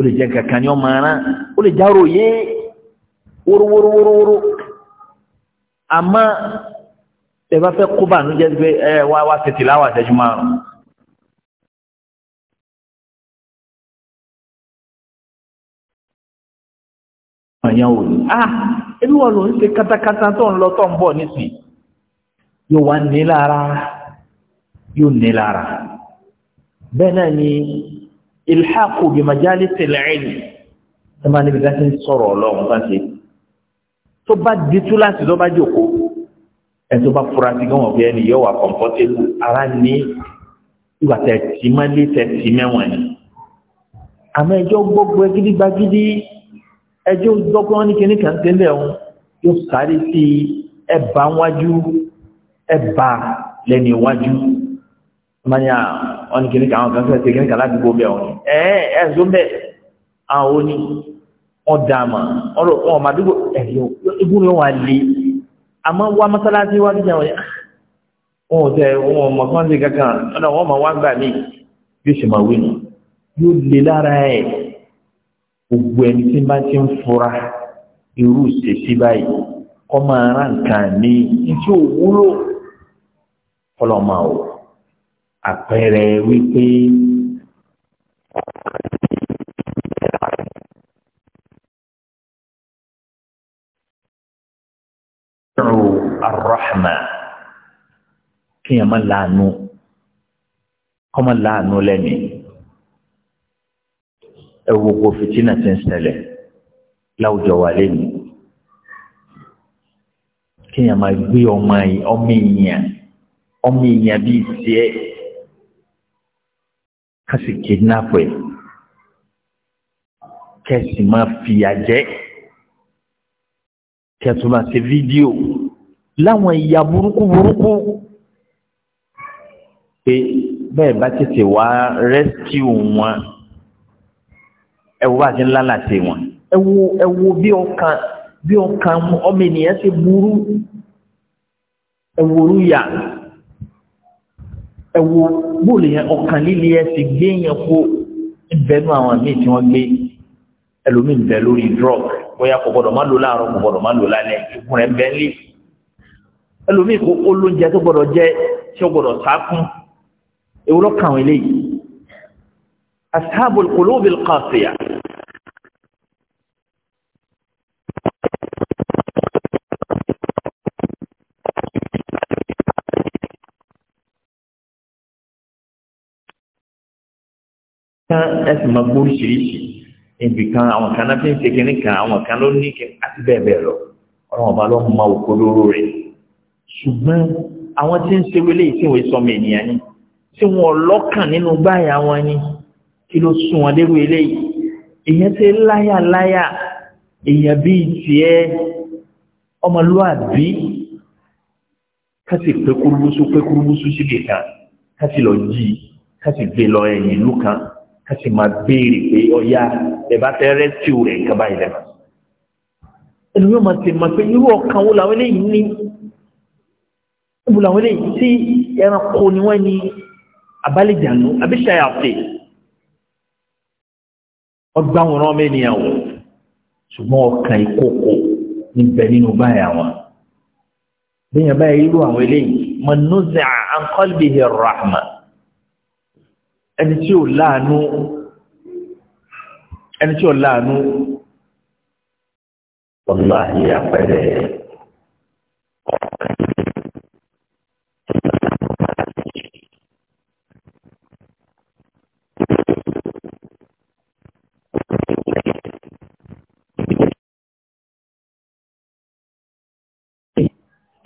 ó lè jẹ́ nǹkan kan ní ọmọ ara ó lè járó yé wórówórówóró àmọ́ ẹ bá fẹ́ kó bànújẹ́ pé ẹ wá wá tètè láwà ṣẹ́jú márùn-ún. àyàn ò ní ah ebi wọn ló ń ṣe katakata tó ń lọ tó ń bọ̀ nísìnyí yóò wá ní yóò ní bẹ́ẹ̀ náà ni ìlhàkù bí majalí tẹ̀lẹ́ẹ̀lì tó máa níbi láti ń sọ̀rọ̀ ọlọ́run bá ṣe tó bá ditú láti tó bá jòkó ẹ̀ tó bá fura sí gbọ́n ọ̀gbẹ́ ẹni yóò wà kọ̀m̀pọ́tébù ara ní ìwà tẹ̀tì mọ́lé tẹ̀tì mẹ́wọ̀n ni àmọ́ ẹjọ́ gbogbo ẹgídí gbagídí ẹjọ́ dọ́gbọ́n ní kíní kan tẹ́lẹ̀ ọ̀hún yóò sáré sí ẹ̀bà wájú ẹ̀bà lẹ́ni wájú mọ́ni wọn ni kìíní kan àwọn kan fẹ́ ṣe kìíní kan láti gbó bẹ́ẹ̀ wọn ni ẹ ẹ zó bẹ́ẹ̀ àwọn oní wọn dà mà wọn rò wọn ọmọ àdúgbò ẹ ibú ni wọn lé àmọ́ wá mọ́sálásí wá bí jẹun wọn ò tẹ wọn ò mọ̀ kankan ọ̀nà wọn mọ̀ wá gbà mí bí ṣe máa wí yóò lé lára ẹ̀ gbogbo ẹni tí bá ti ń fura irú ìṣesí báyìí kọ́ máa rà nǹkan ní ìṣòwúlò àpẹẹrẹ wípé arrahma kéèyàn má láàánú kọ́mọ láàánú lẹ́ni ẹ gbogbo fìtínà ti ń láwùjọ lẹ́ni máa gbé ọmọ ọmọ bíi kan sì kidnap ẹ̀ kẹsì máa fìyà jẹ́ kẹtù máa ṣe fídíò láwọn ìyà burúkú burúkú pé bẹ́ẹ̀ bá tètè wá rẹ́sítíù wọn ẹ wo bá ti ń lálàsì wọn ẹ wo ẹ wo bí ọkàn bí ọkàn ọmọ ènìyàn ṣe burú ẹ wo orú yà ẹwọ bóòlù yẹn ọkàn líle ẹsẹ gbé yẹn kó ìbẹnu àwọn míì tí wọn gbé ẹlòmíì ń bẹ lórí drug bóyá kò gbọ́dọ̀ má lò láàárọ̀ kò gbọ́dọ̀ má lò lálẹ́ ikú rẹ ń bẹ nílé ẹlòmíì kò olóúnjẹ tó gbọ́dọ̀ jẹ tí ó gbọ́dọ̀ sákún ewúrọ kàwọn eléyìí asáàbò kòlóòbí kàṣíyà kan ẹsìn máa gbóríṣiríṣi ibì kan àwọn kan náà fi ń ṣe kínní kan àwọn kan ló ní kí àti bẹ́ẹ̀ bẹ́ẹ̀ lọ ọlọ́run ọba lọ́mú máa wòkó lóró rẹ̀ ṣùgbọ́n àwọn tí ń ṣe wọlé tí wọ́n sọmọ ènìyàn ni tí wọ́n lọ́kàn nínú gbáyà wọn ni kí ló sún wọn dérú eléyìí èèyàn ti láyà láyà èèyàn bíi tiẹ̀ ọmọlúwàbí kásì pé kúrúbúsú pé kúrúbúsú síbi kan kásì lọ jí kásì gbé lọ ẹ̀yìn ìlú kan ká sì máa béèrè pé ọ̀yá ẹ̀bá fẹ́ rẹ́síù rẹ̀ nǹkan báyìí lẹ́nu. ẹnu yóò máa ti máa pé irú ọkàn wo làwọn eléyìí ní ibù làwọn eléyìí tí ẹranko ni wọ́n ní abálẹ̀jànú abíṣayàfẹ́ ọgbà wọn ọmọ ènìyàn wò ṣùgbọ́n ọkàn ìkókò níbẹ̀ nínú báyà wọn. bẹ́ẹ̀ báyìí irú àwọn eléyìí man nuzi'a an ẹni tí ò láàánú ẹni tí ò láàánú ọ̀nà àyè àpẹẹrẹ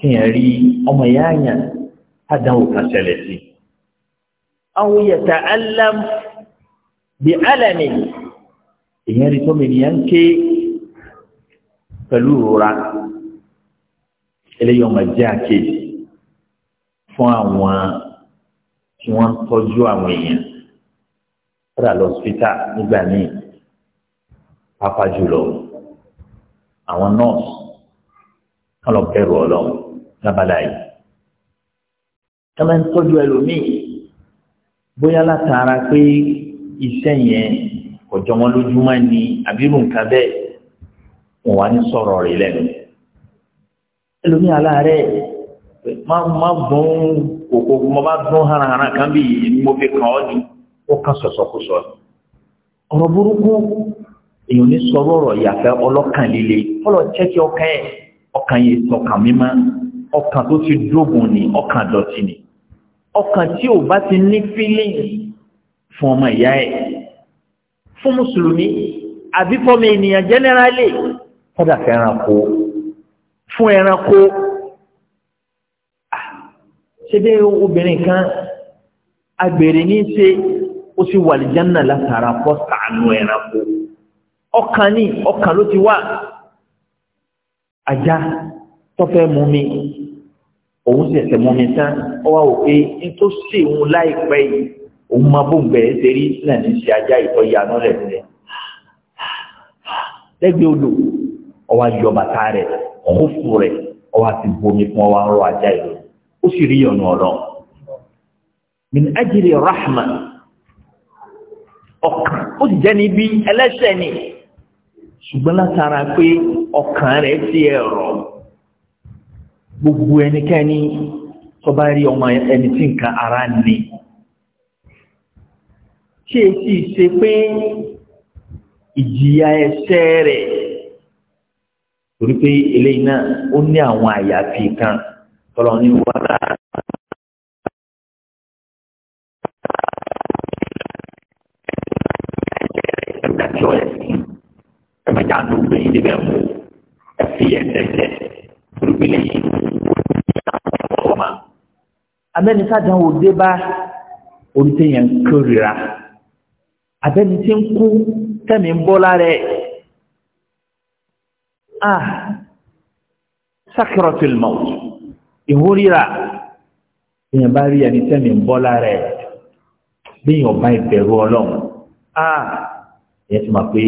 kíyàn rí ọmọ ìyá àyàn kan ṣẹlẹ̀ sí àwọn yẹ̀tà alam bí alami èèyàn rí tómi ènìyàn ń ké pẹ̀lú ìrora eléyìí ọmọ jẹ́ àkejì fún àwọn tí wọ́n ń tọ́jú àwọn èèyàn rà lọ́sítà nígbà míì pàápàá jùlọ àwọn nọ́ọ̀sì kálọ̀ bẹ̀rù ọlọ́run lábàlá yìí. máa ń tọ́jú ẹlòmíì bóyá látara pé iṣẹ́ yẹn kò jọ wọn lójúmọ́ ni àbírù nǹkan bẹ́ẹ̀ wọn wá ní sọ̀rọ̀ rẹ̀ lẹ́nu ẹlòmíì aláàárẹ̀ má má gbọ́n kòkó mo bá gbọ́n harahara kan bí mo fi kàn ọ́ ni ó kàn sọ̀sọ̀kúsọ ọ̀rọ̀ burúkú èèyàn ní sọ̀rọ̀ ọ̀rọ̀ ìyàfẹ́ ọlọ́kàn líle fọlọ́ chẹ́kì ọkàn ẹ̀ ọkàn yìí sọkàn mímá ọkàn tó ti dógùn ni ọkàn dọ̀tí ni ọkàn tí ò bá ti ní feelings fún ọmọ ìyá ẹ̀ fún mùsùlùmí àbí fọmọ ènìyàn generally kọ́dà fún ẹranko fún ẹranko ah, ṣe bí obìnrin kan agbèrè ní ṣe ó sì wà lè jẹ́nà látara pọ́ sàánú ẹranko ọkàn ní ọkàn ló ti wà ajá tó mú mi òun ṣẹ̀ṣẹ̀ mú mi tán ó wá wò pé n tó ṣe òun láìpẹ́ yìí òun máa bó gbẹ̀ ẹ́ ṣerí náà ní ṣe ajá ìtọ́ ìyanu rẹ̀ nílẹ̀ lẹ́gbẹ̀ẹ́ odò ó wá yọ bàtà rẹ̀ kófù rẹ̀ ó wá ti bomi fún ọwọ́ arọ ajá ìlú ó sì rí ọ̀nà ọ̀nà min ajiri rahma ọkàn ó sì jẹ́ níbi ẹlẹ́ṣẹ̀ ni ṣùgbọ́n látara pé ọkàn rẹ̀ ti ẹ̀rọ gbogbo ẹnikẹ́ni tó bá rí ọmọ ẹni tí nǹkan ara ní ṣe sì ṣe pé ìjìyà ẹ̀ṣẹ̀ rẹ̀ torí pé eléyìí náà ó ní àwọn àyàfi kan tọ́lọ́ ní wàrà ẹ̀dájọ́ ẹ̀sìn ẹ̀mẹ́ta ló gbé yín débẹ̀ mú ẹ̀fí ẹ̀sẹ̀ abẹ́nisájà wò dé bá oríṣi yẹn kórìíra abẹ́ni tí ń kú tẹ̀mí ń bọ́ lára ah sakiratul maut ìhórira èèyàn bá rí ẹni tẹ̀mí ń bọ́ lára ẹ̀ léèyàn bá ìbẹ̀rù ọlọ́run ah èèyàn ti mọ̀ pé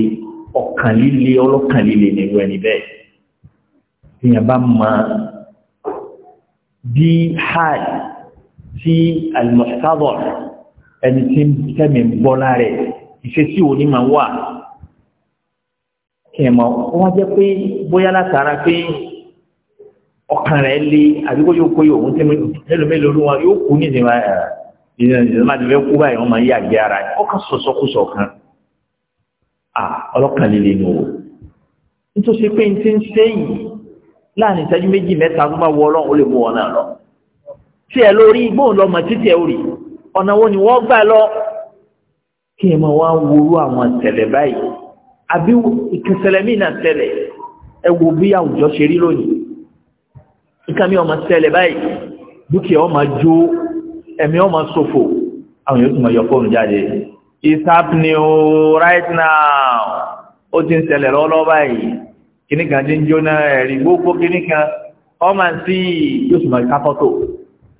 ọ̀kàn líle ọlọ́kàn líle nìlú ẹni bẹ́ẹ̀ èèyàn bá mọ bí hajj sí alimọ̀sítàbọ̀ ẹni tí tẹ́mi ń bọ́ lára ìṣesí òní máa wà kẹmọ̀ wọ́n jẹ́ pé bóyá látara pé ọkàn rẹ̀ lé àbíkó yóò kó yóò tẹ́mi mélòó mélòó ló wọn yóò kú ní ìdìbò ìdìbò àti ìfẹ́ kú báyìí wọ́n máa yí àgbé ara ẹ̀ ọkàn sọ̀sọ́kùsọ̀ kan ọlọ́kàn líle ni o nítorí pé n ti ń sẹ́yìn láàrin ìṣẹ́jú méjì mẹ́ta tó bá wọ ọlọ́run ó lè mú wọn náà lọ. tí ẹ lórí igbó lọmọ títí ẹ orí ọ̀nà wo ni wọ́n gbà lọ kí ẹ mọ̀ wá wúrú àwọn ìṣẹ̀lẹ̀ báyìí àbí ìkẹsẹ̀lẹ̀ míì náà ṣẹlẹ̀ ẹ wo bí àwùjọ ṣe rí lónìí nǹkan mi ọmọ ṣẹlẹ̀ báyìí dúkìá ọmọ jó ẹ̀mí ọmọ ṣòfò àwọn yóò tún mọ̀ yọ fóònù jáde it's happening o oh, right now ó ti ń ṣẹlẹ̀ lọ́wọ́lọ́wọ́ báyìí kíníkan ti ń jóná ẹ̀rí gbogbo kíníkan ọmọ sí yóò tún mọ̀ ká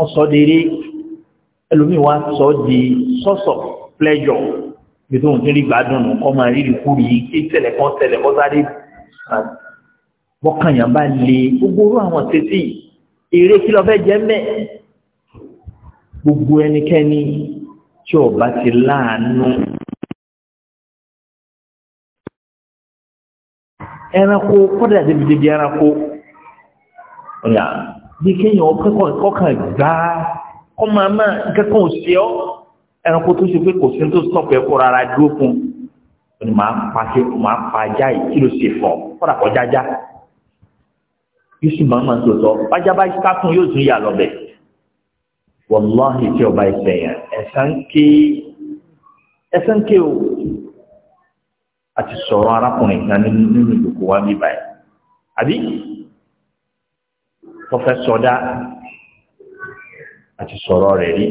wọ́n sọ di eré ẹlòmíì wá sọ di sọ́sọ̀ plẹ́jọ̀ bí tó ń tún rí gbádùn nù kọ́ máa rí ìkúrì yìí kí tẹ̀lẹ̀ kan tẹ̀lẹ̀ kọ́ sáré bọ́kànyà bá lè gbogbo orú àwọn tètè eré kí ló fẹ́ jẹ́ mẹ́ gbogbo ẹnikẹ́ni tí ọba ti láàánú ẹranko kọ́dà débi débi ẹranko bí kéèyàn kọ́kàn gbá kọ́ máa máa kẹ́kọ̀ọ́ ṣe ọ́ ẹranko tó ṣe pé kò sí tó sọ̀pọ̀ ẹ̀kọ́ rárá dúró fún un ni màá pa ṣe màá pa ajá yìí kí ló ṣe fọ́ kọ́dà kọ́ jájá yóò sì máa máa tó sọ bájá bá ká fún yóò tún yà lọ́bẹ̀ wàláhì tí ọba ẹsẹ̀ yẹn ẹ̀sán ké ẹ̀sán ké o àti sọ̀rọ̀ arákùnrin kan nínú ìdókòwò wa bíbáyìí àbí tó fẹ́ sọdá àti sọ̀rọ̀ rẹ̀ rí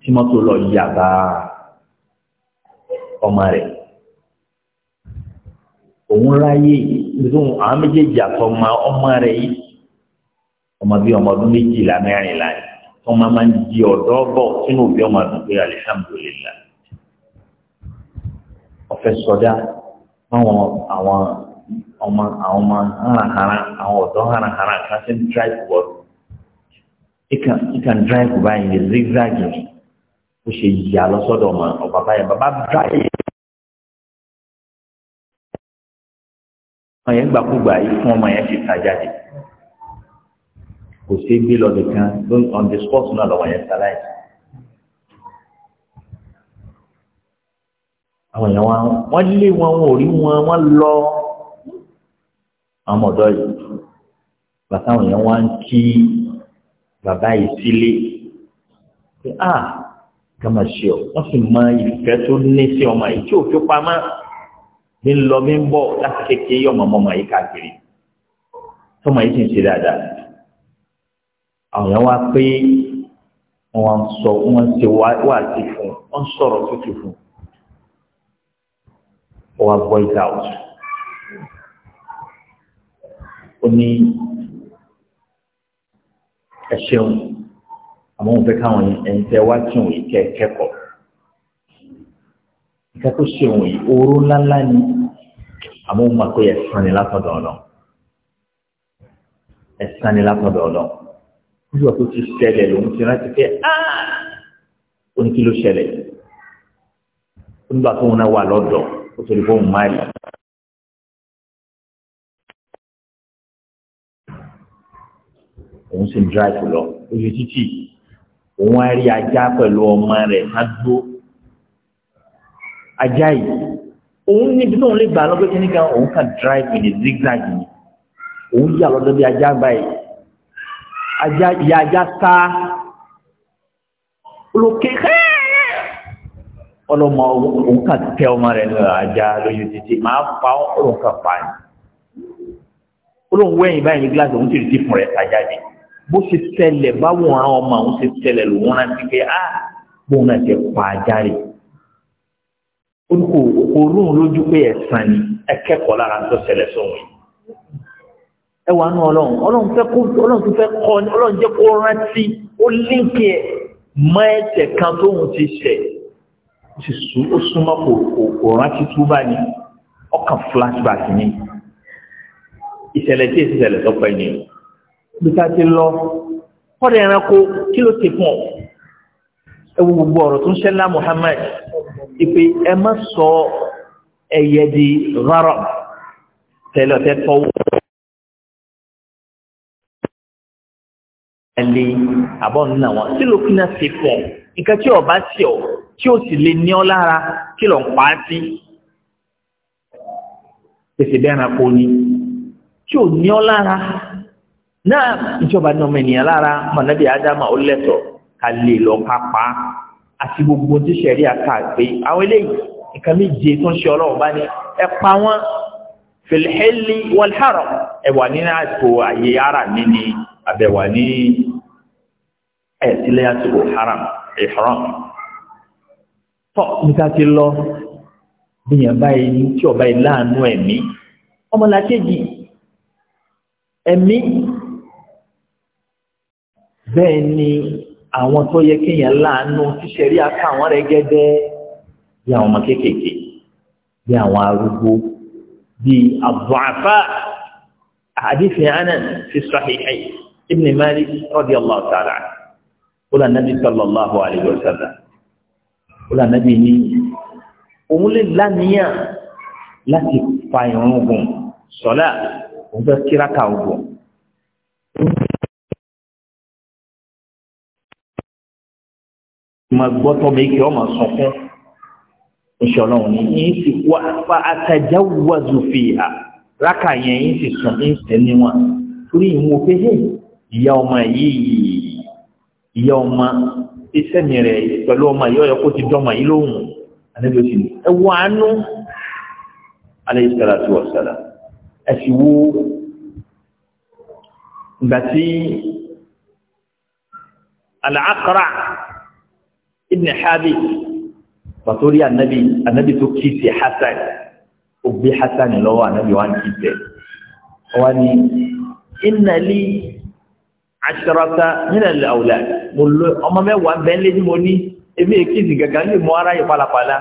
tí mọ́tò lọ yà bá ọmọ rẹ̀ òun ráyè nítorí àwọn méjèèjì àtọmọ ọmọ rẹ̀ yìí ọmọ bíi ọmọ ọdún méjìlá mẹ́rìnlá ni wọ́n máa ń di ọ̀dọ́ bọ̀ sínú òbí ọmọ àdúgbò pé alihamudulilayi ọ̀fẹ́ sọdá fáwọn àwọn Ọma ọma ọmọ ńláhara àwọn ọ̀dọ́ ńláhara kan ṣe drive wọ́n ìkà drive báyìí ní zigzag ó ṣe yà lọ́sọ́dọ̀ ọmọ ọba báyìí bàbá drive. ọmọ yẹn gbàkúgbà yìí fún ọmọ yẹn ti ta jáde kò sí gbé lọ́dọ̀ kan on the spot náà lọ́wọ́ yẹn ta láì. àwọn èèyàn wọn lé wọn wọn ò rí wọn lọ. àwọn ọ̀dọ́ yìí bàtàwọn yẹn wá ń kí bàbá yìí sílé pé ah, a kàmá ṣe ọ wọ́n sì mọ ìfẹ́ tó ní sí ọmọ yìí tí òfin pamọ́ ní lọ mí ń bọ̀ láti kékeré ọmọ ọmọ yìí káàkiri tọmọ yìí sì ń ṣe dáadáa àwọn yẹn wá pé wọ́n ń sọ wọ́n ń ṣe wáàtí fún wọ́n ń sọ̀rọ̀ fún wọ́n wá boy out ó ní ẹ ṣeun àmọ́ òun fẹ́ káwọn ẹni tẹ́ wá tí òun yìí kẹ́ kẹ́kọ̀ọ́ ìkẹ́ tó ṣe òun yìí oró ńláńlá ni àmọ́ òun máa kó yẹ sàn ní látọ̀dọ̀ ọ̀nà ẹ sàn látọ̀dọ̀ ọ̀nà nígbà tó ti ṣẹlẹ̀ lòun ti rántí pé ó ní kí ló ṣẹlẹ̀ nígbà tó ń wà lọ́dọ̀ ó torí fóun máìlì. òun sì ń dráìfù lọ ojú títì òun á rí ajá pẹ̀lú ọmọ rẹ̀ ká dúró ajá yìí òun níbi tóun lè gbà lọ́gbẹ́ kíní kan òun kà dráìfù ní zigzag yìí òun yà lọ́dọ̀ bí ajá gbà yìí ajá ìyá ajá sá olókè hẹ́ẹ́ ọlọmọ òun kà tẹ ọmọ rẹ ní ajá lójú títì máa pa ọlọ́run kà pa ni olóhùn wẹ̀yìn báyìí ní gíláàsì òun ti rí ti fún rẹ sàjáde bó ṣe tẹlẹ̀ báwọn àwọn ọmọ àwọn ṣe tẹlẹ̀ lòun rántí pé a ah, bóun náà ti pa ajá rè orúkọ òórùn lójú pé ẹ̀sán ni ẹ kẹ́kọ̀ọ́ lára tó ṣẹlẹ̀ sóhun yìí ẹ wà nù ọlọ́run ọlọ́run fẹ́ kó ọlọ́run tó fẹ́ kọ́ ni ọlọ́run jẹ́ kó rántí ó líǹkì ẹ̀ mọ́ ẹ̀ṣẹ̀ kan tóun ti ṣẹ̀ ó sì sún ó súnmọ́ kò kò rántí túbà ni ọkàn flashback ni ìṣẹ̀lẹ̀ tí èsì ìṣẹ̀lẹ̀ tó pẹ́ ni bíta ti lọ kọ́dọ̀ ẹranko kí ló ti pọ̀ ẹ wo gbogbo ọ̀rọ̀ tó ń ṣẹlá Muhammad ìpè ẹ má sọ ẹyẹ di rárá tẹlẹ ọtẹ tọwọ. ẹlẹ àbọ̀ nínú àwọn tí ló kí náà ti pọ̀ nǹkan tí ọba tí ọ tí ó sì lè ní ọ lára kí lọ ń pa á sí. pèsè bẹ́ẹ̀ ẹranko ni tí ò ní ọ lára náà ìjọba ní ọmọ ènìyàn lára mọ̀nàbí ádámà ó lẹ́tọ̀ ká lè lọ pápá àti gbogbo tí sẹ̀rí àká pé àwọn eléyìí nǹkan méje tó ń ṣe ọlọ́run bá ní ẹ pa wọ́n fìlìhẹ́lì wọlhárọ̀ ẹ wà nínú àtò àyè ara mi ni àbẹ̀wà ní ẹ̀sílẹ̀ àtò haram ìhọ́rọ̀ tọ́ níta ti lọ bíyàn báyìí tí ọba yìí ẹ̀mí ọmọlàkejì ẹ̀mí bẹ́ẹ̀ ni àwọn tó yẹ kéèyàn láàánú tíṣẹ̀rí aká àwọn rẹ̀ gẹ́gẹ́ bí àwọn ọmọ kéékèèké bí àwọn arúgbó bí àbúràfà àdìsí Anas fi Sahih Ibn Malik radiyallahu ta'ala wọ́n Ànábì sallallahu alayhi wa sallam wọ́n Ànábì ní òun lè lánìyàn láti fa ìrún ogun sọ́lá òun fẹ́ kíráka ogun. ma gbọ́tọ̀ mi kí ọmọ sọ fún ìṣọ̀lọ́ ní yín sì wá àtàjáwájú fi hà rákà yẹn yín sì sùn ní sẹ́ni wọn torí ìwọ̀n pé hẹ́ ìyá ọmọ yìí ìyá ọmọ ìsẹ́mi rẹ̀ pẹ̀lú ọmọ yìí ọ̀yọ́ kó ti dọ́mọ yìí lóhùn àlejò sí ni ẹ wọ àánú alayhi salatu wa salam ẹ wo ìgbà tí al ibn habi pàtórí anabi anabi tó kí sí hasan ó gbé hasan lọ́wọ́ anabi wa ń kí tẹ̀ wọ́n ní inna li asharata nínú ilẹ̀ àwùlà mo lo ọmọ mẹ́wàá bẹ́ẹ̀ lé ní mo ní èmi èkí sì gàgà ara yìí pálapàla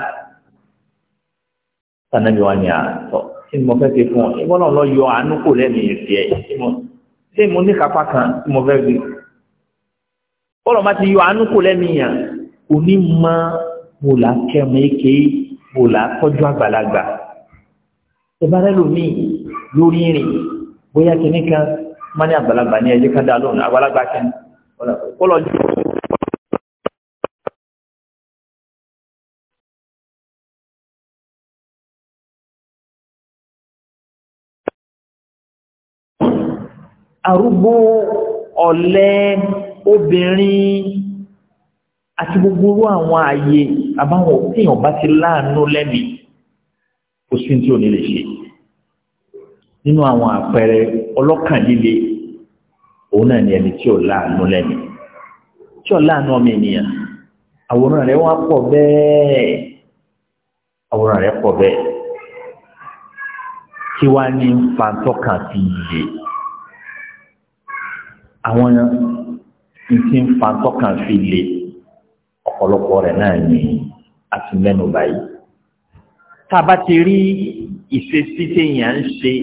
sanabi ni a sọ kí ni mo fẹ́ ṣe fún ọ ìbọn náà lọ yọ àánú kò lẹ́nu ìrìsì ẹ̀ ṣé mo ní kápá kan mo fẹ́ gbé bọ́lọ̀ ti yọ àánú kò lẹ́nu onímọ̀ mo là kẹ́mu eke mo là kọjú àgbàlagbà ìbára lomi lórí rìn bóyá kìíní kan má ní àgbàlagbà ní ẹjẹ ká dá lóhùn àgbàlagbà kan kọlọ jù. arúgbó ọ̀lẹ obìnrin àti gbogbo àwọn ààyè àbáwọn òkèèyàn bá ti láàánú lẹ́mìí kò sí tí ò ní lè ṣe nínú àwọn àpẹẹrẹ ọlọ́kàn líle òun náà ni ẹni tí ò láàánú lẹ́mìí tí ò láàánú ọmọ ènìyàn àwòrán rẹ̀ wá pọ̀ bẹ́ẹ̀ àwòrán rẹ̀ pọ̀ bẹ́ẹ̀ tí wá ní fàǹtọ́kà fi yè àwọn ìsìn fàǹtọ́kà fi lè. ọ̀pọ̀lọpọ̀ rẹ̀ náà ni a ti mẹ́nu báyìí tá ti rí ìṣesí téèyàn ń ṣe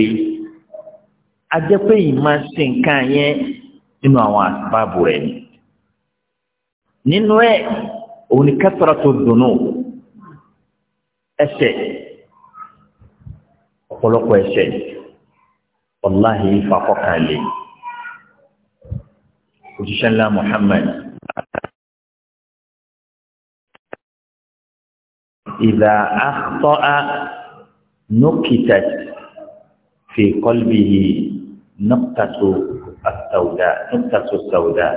le a jẹ́ pé ìmọ̀ ṣe nǹkan yẹn nínú àwọn àsìbáàbò rẹ̀ ni nínú ẹ̀ òun ni kẹ́tọ́rọ́ tó dùnú ẹsẹ̀ ọ̀pọ̀lọpọ̀ ẹsẹ̀ òjíṣẹ́ ńlá Muhammad ìdá àtọ́ a nókìtà fi kọ́lbìhì nọ́kítàtò àtàwùdà nọ́kítàtò sàwùdà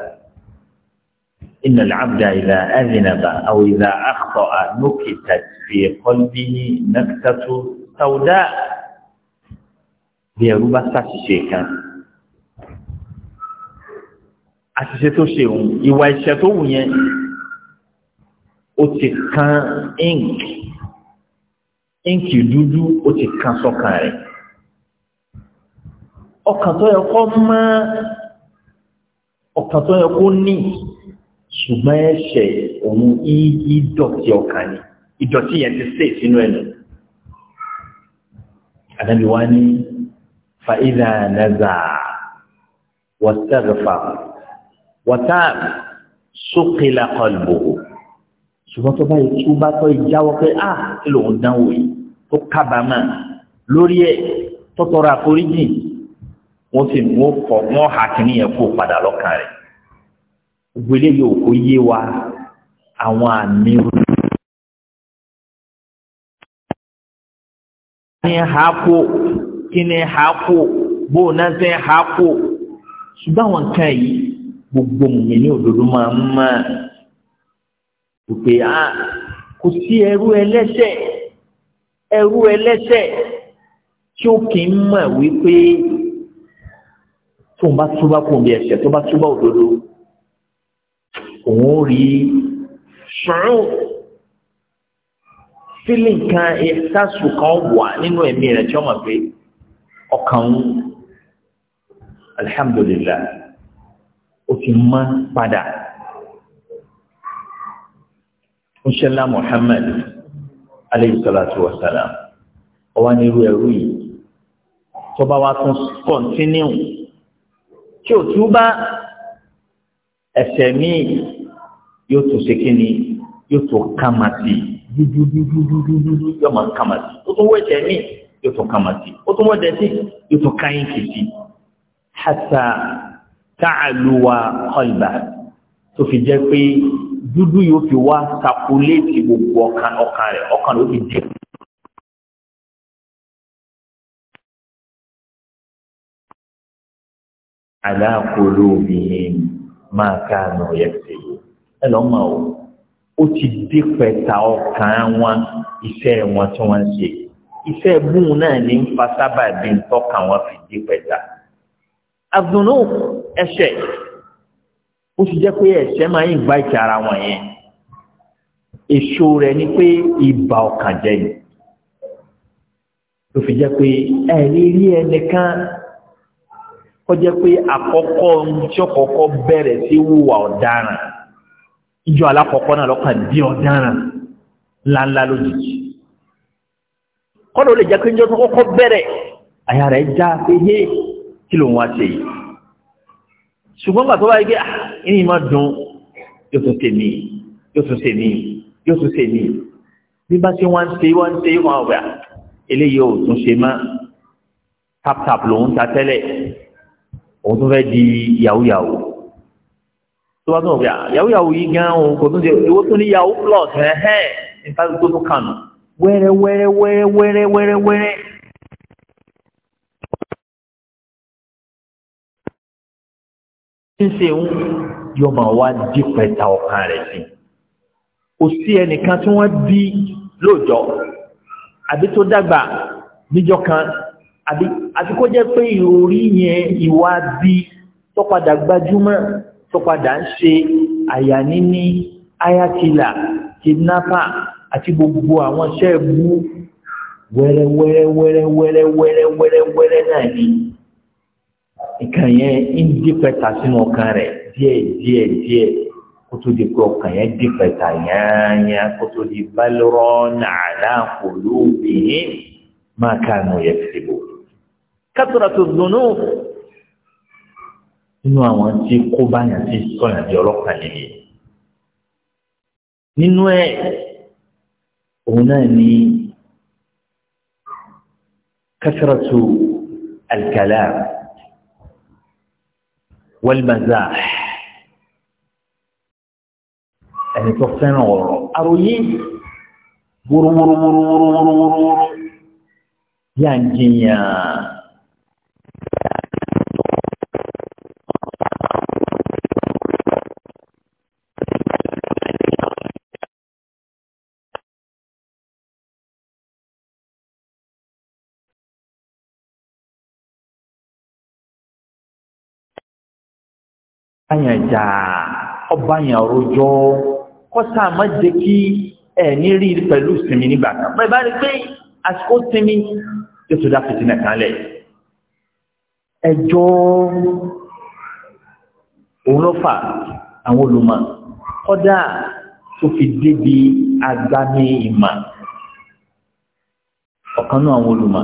إن العبد إذا أذنب أو إذا أخطأ نكتت في قلبه نكتة سوداء bí ẹrú bá ṣàṣìṣe kan àṣìṣe tó ṣe òun ìwà ìṣẹ́ tó wù yẹn ó ti kan ink ink dúdú ó ti kan sọ́kàn rẹ̀ ọkàn tó yẹ kó mọ́ ọkàn tó yẹ kó ní ṣùgbọ́n ẹ̀ṣẹ̀ òun ìdọ̀tí ọkàn ni ìdọ̀tí yẹn ti sè sínú ẹnu àdàbí ní fa ìdá nàzà wọ́n tẹ̀rẹ̀fà wọ́táp sókèlà kọlùbòhò ṣùgbọ́n tó báyìí tí ó bá tọ́ ìjáwọ́ pé a ah, kí lòun dánwò yìí tó kábàámà lórí ẹ̀ tọ́tọ́rọ àforíjì wọ́n sì wọ́n kọ́ wọ́n hà kìíní yẹn kó padà lọ́kàn rẹ̀ gbélé yóò kó yé wa àwọn àmì ní ha kó kí ni ha kó bó o náà sẹ́ ha kó ṣùgbọ́n àwọn nǹkan yìí gbogbo mi ní òdodo máa ń mọ̀ wípé a ah, kò sí ẹrú ẹlẹ́ṣẹ̀ ẹrú ẹlẹ́ṣẹ̀ tí ó kì í mọ̀ wípé tó ń bá túbá kò bí ẹ̀ṣẹ̀ tó bá túbá òdodo òun ó rí sùúrù fílì kan ìsásù kan wà nínú ẹ̀mí rẹ̀ tí ó mọ̀ pé ọkàn alhamdulillah ó ti mọ́ padà. Mùsùlùmá Muhammad alayhi salatu wa salam ọwọ́ nírú ẹrú yìí tó bá wa tún kọ́ntínú tí ò tún bá ẹsẹ̀ míì yóò tún ṣe kí ni yóò tún kàmá sí i dúdúdúdúdúdúdú yóò máa kàmá sí i ó tún wọ́ ẹsẹ̀ míì yóò tún kàmá sí i ó tún wọ́ ẹsẹ̀ míì yóò tún káyín kìí sí i tààlùwà kọlbà tó fi jẹ́ pé dúdú yóò fi wá sakuléètì gbogbo ọkàn ọkàn rẹ̀ ọkàn ló fi jẹ́. aláàkóló obìnrin máa káàánú yẹtì ẹ lọ́ mọ̀ o ó ti dé pẹ̀ta ọkàn wọn iṣẹ́ wọn tí wọ́n ṣe iṣẹ́ bùn náà ní ń tọ́ka wọn fi dé pẹ̀ta àdùnnú ẹ̀ṣẹ̀ ó sì jẹ́ pé ẹ̀ṣẹ̀ máa ń gba ìkẹ́ ara wọn yẹn èso rẹ̀ ni pé ìbà ọkàn jẹ́ ni ló fi jẹ́ pé ẹ̀ lè rí ẹnìkan kó jẹ́ pé àkọ́kọ́ tí ọkọ̀ọ̀kọ́ bẹ̀rẹ̀ sí wùwà ọ̀daràn ìjọ alákọ̀ọ́kọ́ náà lọ́kàn di ọ̀daràn ńláńlá lójijì kọ́dọ̀ lè jẹ́ pé ìjọ tó kọ́kọ́ bẹ̀rẹ̀ àyà rẹ̀ já pé hey kí ló ń wá ṣe yìí ṣùgbọ́n pàtó wáyé pé ẹni ah, máa dùn yóò tún ṣe mí yóò tún ṣe mí yóò tún ṣe mí bí bá ṣe wá ń ṣe wá ń ṣe wọn ọ̀gbà eléyìí ò tún ṣe mọ́ taptap lòún ta tẹ́lẹ̀ òun tún fẹ́ di yahoo yahoo tó bá tún wọ̀ pé ah, yahoo yahoo yìí gan òun kò tún ṣe owó tún ní yahoo plus ẹ̀hẹ́n nípa tó tún kànú wẹ́rẹ́ ṣe ń yọ máa wá dí pẹ̀ta ọkàn rẹ̀ sí kò sí ẹnìkan tí wọ́n bí lóòjọ́ àbí tó dàgbà níjọ́ kan àbí àti kó jẹ́ pé ìròrí yẹn ìwà bí tó padà gbajúmọ̀ tó padà ń ṣe àyà níní ayakila kidnapper àti gbogbo àwọn iṣẹ́ ẹ̀bú náà ni ìkàn yẹn ń dípẹ̀tà sínú ọkàn rẹ̀ díẹ̀ díẹ̀ díẹ̀ kó tó di pé ọkàn yẹn dípẹ̀tà yányá kó tó di balùwọ́ nàlá kòló bìyìn máa kànú yẹ fìbò. kátàrà tó dùnú nínú àwọn tí kó báyà sí sọ̀nà di ọlọ́kàn nìyí. nínú ẹ̀ òun náà ní kátàrà tó àlùkàlà. والمزاح ẹni tó fẹ́ràn ọ̀rọ̀ aróyé wúrúwúrúwúrúwúrúwúrú yá ń jiyàn báyàn jà ọbáyàn rojọ́ kọ́sà má jẹ́ kí ẹ̀ ní rí pẹ̀lú sinmi nígbà kan bẹ́ẹ̀ bá rí pé àsìkò sinmi yóò tó dá fìtínà kan lẹ̀ ẹjọ́ òun àwọn olùmọ̀ kọ́dà tó fi débi agbami ìmọ̀ ọ̀kan náà àwọn olùmọ̀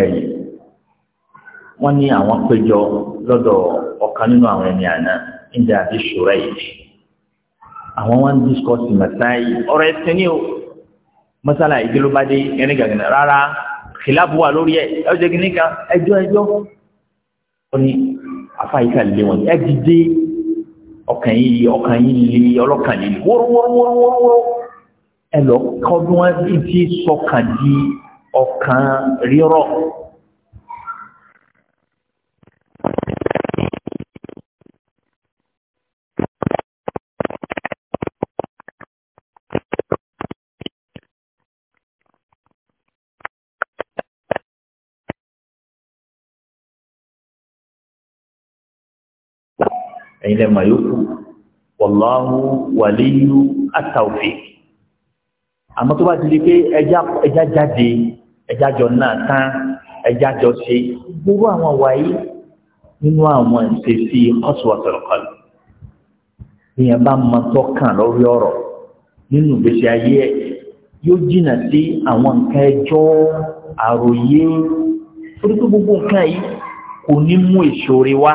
ẹ̀yìn. wọ́n ní àwọn péjọ lọ́dọ̀ ọ̀kan nínú àwọn ẹni àná níjà àti ṣòro yìí àwọn wọn discuss masai ọ̀rọ̀ ẹsẹ̀ ni o masala ìdílóbadé ẹni gàgànà rárá kìláàbù wà lórí ẹ ẹ jẹ kan ẹjọ́ ẹjọ́ ó ní afáyíká lé wọn ẹ dìde ọkàn yìí di ọkàn ẹ̀yin lẹ́mọ yòókù wallahu waliyu at-tawfiq àmọ́ tó bá ti di pé ẹja jáde ẹja jọ náà tán ẹja jọ ṣe gbogbo àwọn wáyé nínú àwọn ìṣesí ọ̀sùwọ̀sọ̀rọ̀kọlù ìyẹn bá mọ tọ́kàn lórí ọ̀rọ̀ nínú ìgbésí ayé ẹ̀ yóò jìnnà sí àwọn nǹkan ẹjọ́ àròyé orí tó gbogbo nǹkan yìí kò ní mú ìṣòro wá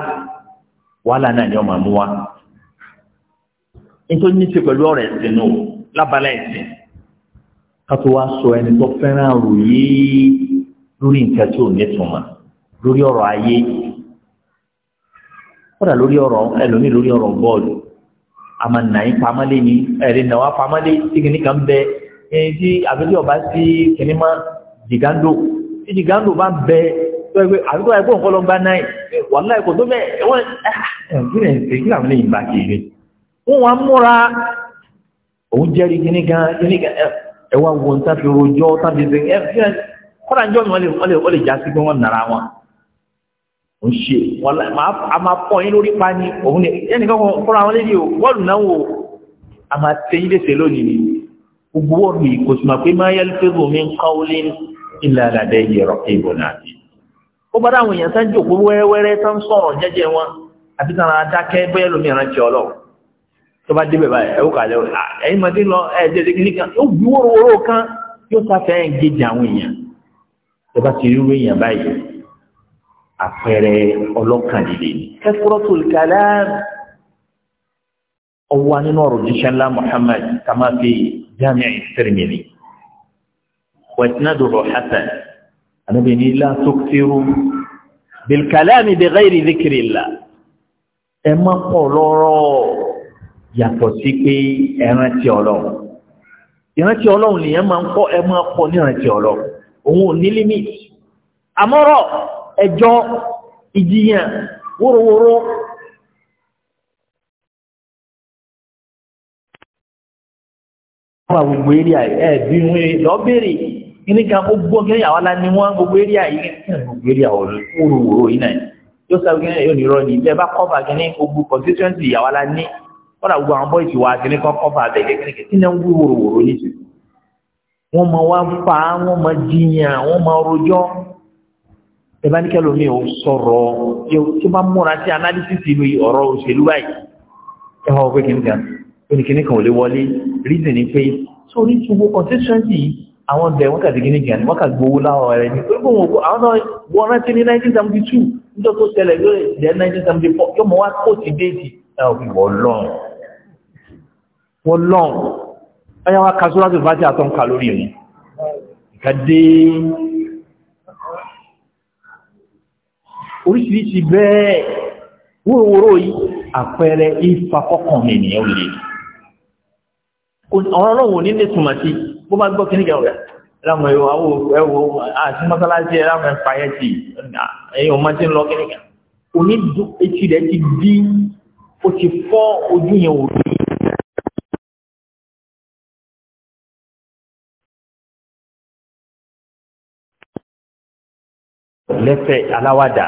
wàhálà náà ni ọmọ àmú wa nítorí ní ti pẹ̀lú ọ̀rọ̀ ẹ̀sìn nù lábala ẹ̀sìn kátó wá sọ ẹni tó fẹ́ràn òye lórí nǹkan tí ò ní túmọ̀ lórí ọ̀rọ̀ ayé kódà lórí ọ̀rọ̀ ẹlòmíì lórí ọ̀rọ̀ bọ́ọ̀lù àmà nàí pamọ́lé ni ẹ̀rí nàwa pamọ́lé tí kìíní kan bẹ ẹni tí àbíkí ọba sí kìíní mọ́ jìgáńdò tí jìgáńdò bá bẹ tó ẹgbẹ́ àbíkí náà wàhálà ẹ̀kọ́ tó bẹ́ẹ̀ ẹ̀wọ̀n ẹ̀gbìnrin ẹ̀sẹ̀ kí làwọn lèyìn bá kiri wọ́n wá múra òun jẹ́rìí kíní gan kíní gan ẹ̀wà wo ń tàbí rojọ́ tàbí ṣe ẹ̀fẹ́ kọ́ra ń jọ́ mi wọ́n lè wọ́n lè já sí pé wọ́n nara wọn ń ṣe wọn a máa pọ̀ yín lórí pa ni òun ni ẹnìkan kan fọ́ra wọn lédi bọ́ọ̀lù náà wò a máa tẹ́yìn lè ṣe lónìí gbogbo wọ́ọ̀lù yìí kò sì ó bá dáwọn èèyàn tán jòkó wẹ́rẹ́wẹ́rẹ́ tán sọ̀rọ̀ jẹ́jẹ́ wọn àti tàn án dákẹ́ bẹ́ẹ̀ lómi ìrántí ọlọ́run tó bá débẹ̀ báyìí ẹ̀wọ́ kàlẹ́ ẹ̀yìn máa dé lọ ẹ̀ẹ́dẹ̀ẹ́dẹ́ kìíní kan ó bí wórówóró kan yóò sáfẹ́ gèjì àwọn èèyàn tó bá ti rírú èèyàn báyìí àpẹẹrẹ ọlọ́kàn líle ni kathratul kalam ọwọ́ nínú ọ̀rọ̀ jíṣẹ́ ńlá Muhammad kama fi jami'i Tirmidhi hasan ànábìíní la tuktiru bilkalami bi ghairi dhikrillah ẹ má pọ̀ lọ́rọ̀ yàtọ̀ sí pé ẹrántí ọlọ́run ìrántí ọlọ́run nìyẹn máa ń pọ̀ ẹ máa pọ̀ ní ìrántí ọlọ́run òun ò ní límìtì àmọ́rọ̀ ẹjọ́ ìjiyàn wórówóró wà gbogbo eré ẹ̀ bí wọ́n lọ́bẹ̀rẹ̀ kíní kan ó gbọ́ kíní àwọn alá ni wọ́n gbogbo eré àyè gbogbo eré àwọn olùwòrò yìí náà yóò sáré kíní yóò ní irọ́ ni ilé ẹ bá kọ́fà kíní gbogbo constituency àwọn alá ní kọ́dà gbogbo àwọn bọ́ìsì wa kíní kan kọ́fà àbẹ̀gẹ́ kíní kan kíní ń wú wòròwòrò ní ti wọ́n mọ wá fà á wọ́n mọ jiyàn wọ́n mọ rojọ́ ẹ bá ní kẹ́lò mi ò sọ̀rọ̀ yóò tó bá múra sí analysis ìlú ọ̀rọ̀ òṣèlú báyìí ẹ àwọn ọdẹ wọ́n kàdé gíní gíní wọ́n kà gbowó láwọ̀ rẹ̀ ní pẹ́lú òun òkú àwọn wọ́n rántí ní 1972 níjọ́ tó tẹ́lẹ̀ lórí 1974 yóò mọ̀ wá kó ti déèdì wọ́lọ́n wọ́lọ́n ọyá wa kaṣú láti fàájì àtọ́n ká lórí mi kàdé oríṣiríṣi bẹ́ẹ̀ wúrowúro yìí àpẹẹrẹ ìfakọ́kànmí lè ọ̀rọ̀ sí bó bá gbọ́ kíní kẹwàá ẹ̀rọ ẹ̀wọ̀ ẹ̀wọ̀ àti mọ́sálásí ẹ̀rọ ẹ̀fàyẹ́ ti ẹ̀yìn ọmọ tí ń lọ kíní kẹwàá òní etí rẹ̀ ti dí ó ti fọ́ ojú yẹn ò rí. lẹ́fẹ̀ aláwàdà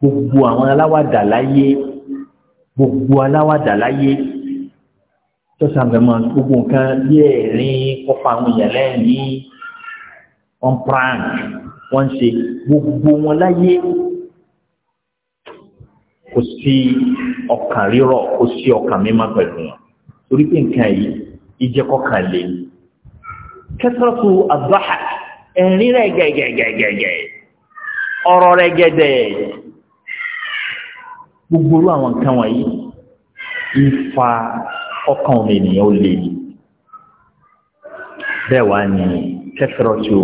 gbogbo àwọn aláwàdà láyé gbogbo aláwàdà láyé tó sàmẹ́mọ́ gbogbo nǹkan bí ẹ̀rín kọ́fà àwọn èèyàn lẹ́yìn wọ́n prank wọ́n ṣe gbogbo wọn láyé kò sí ọkàn rírọ̀ kò sí ọkàn mímọ́ pẹ̀lú wọn torí pé nǹkan yìí ìjẹ́kọ̀kan lè kẹsàtù àbáhà ẹ̀rín rẹ̀ gẹ̀gẹ̀gẹ̀gẹ̀ ọ̀rọ̀ rẹ̀ gẹ̀dẹ̀ gbogbo àwọn nǹkan wọ̀nyí ìfà ọkàn ọmọ ènìyàn ó lè bẹ́ẹ̀ wá ní kẹfẹ́rọ́tù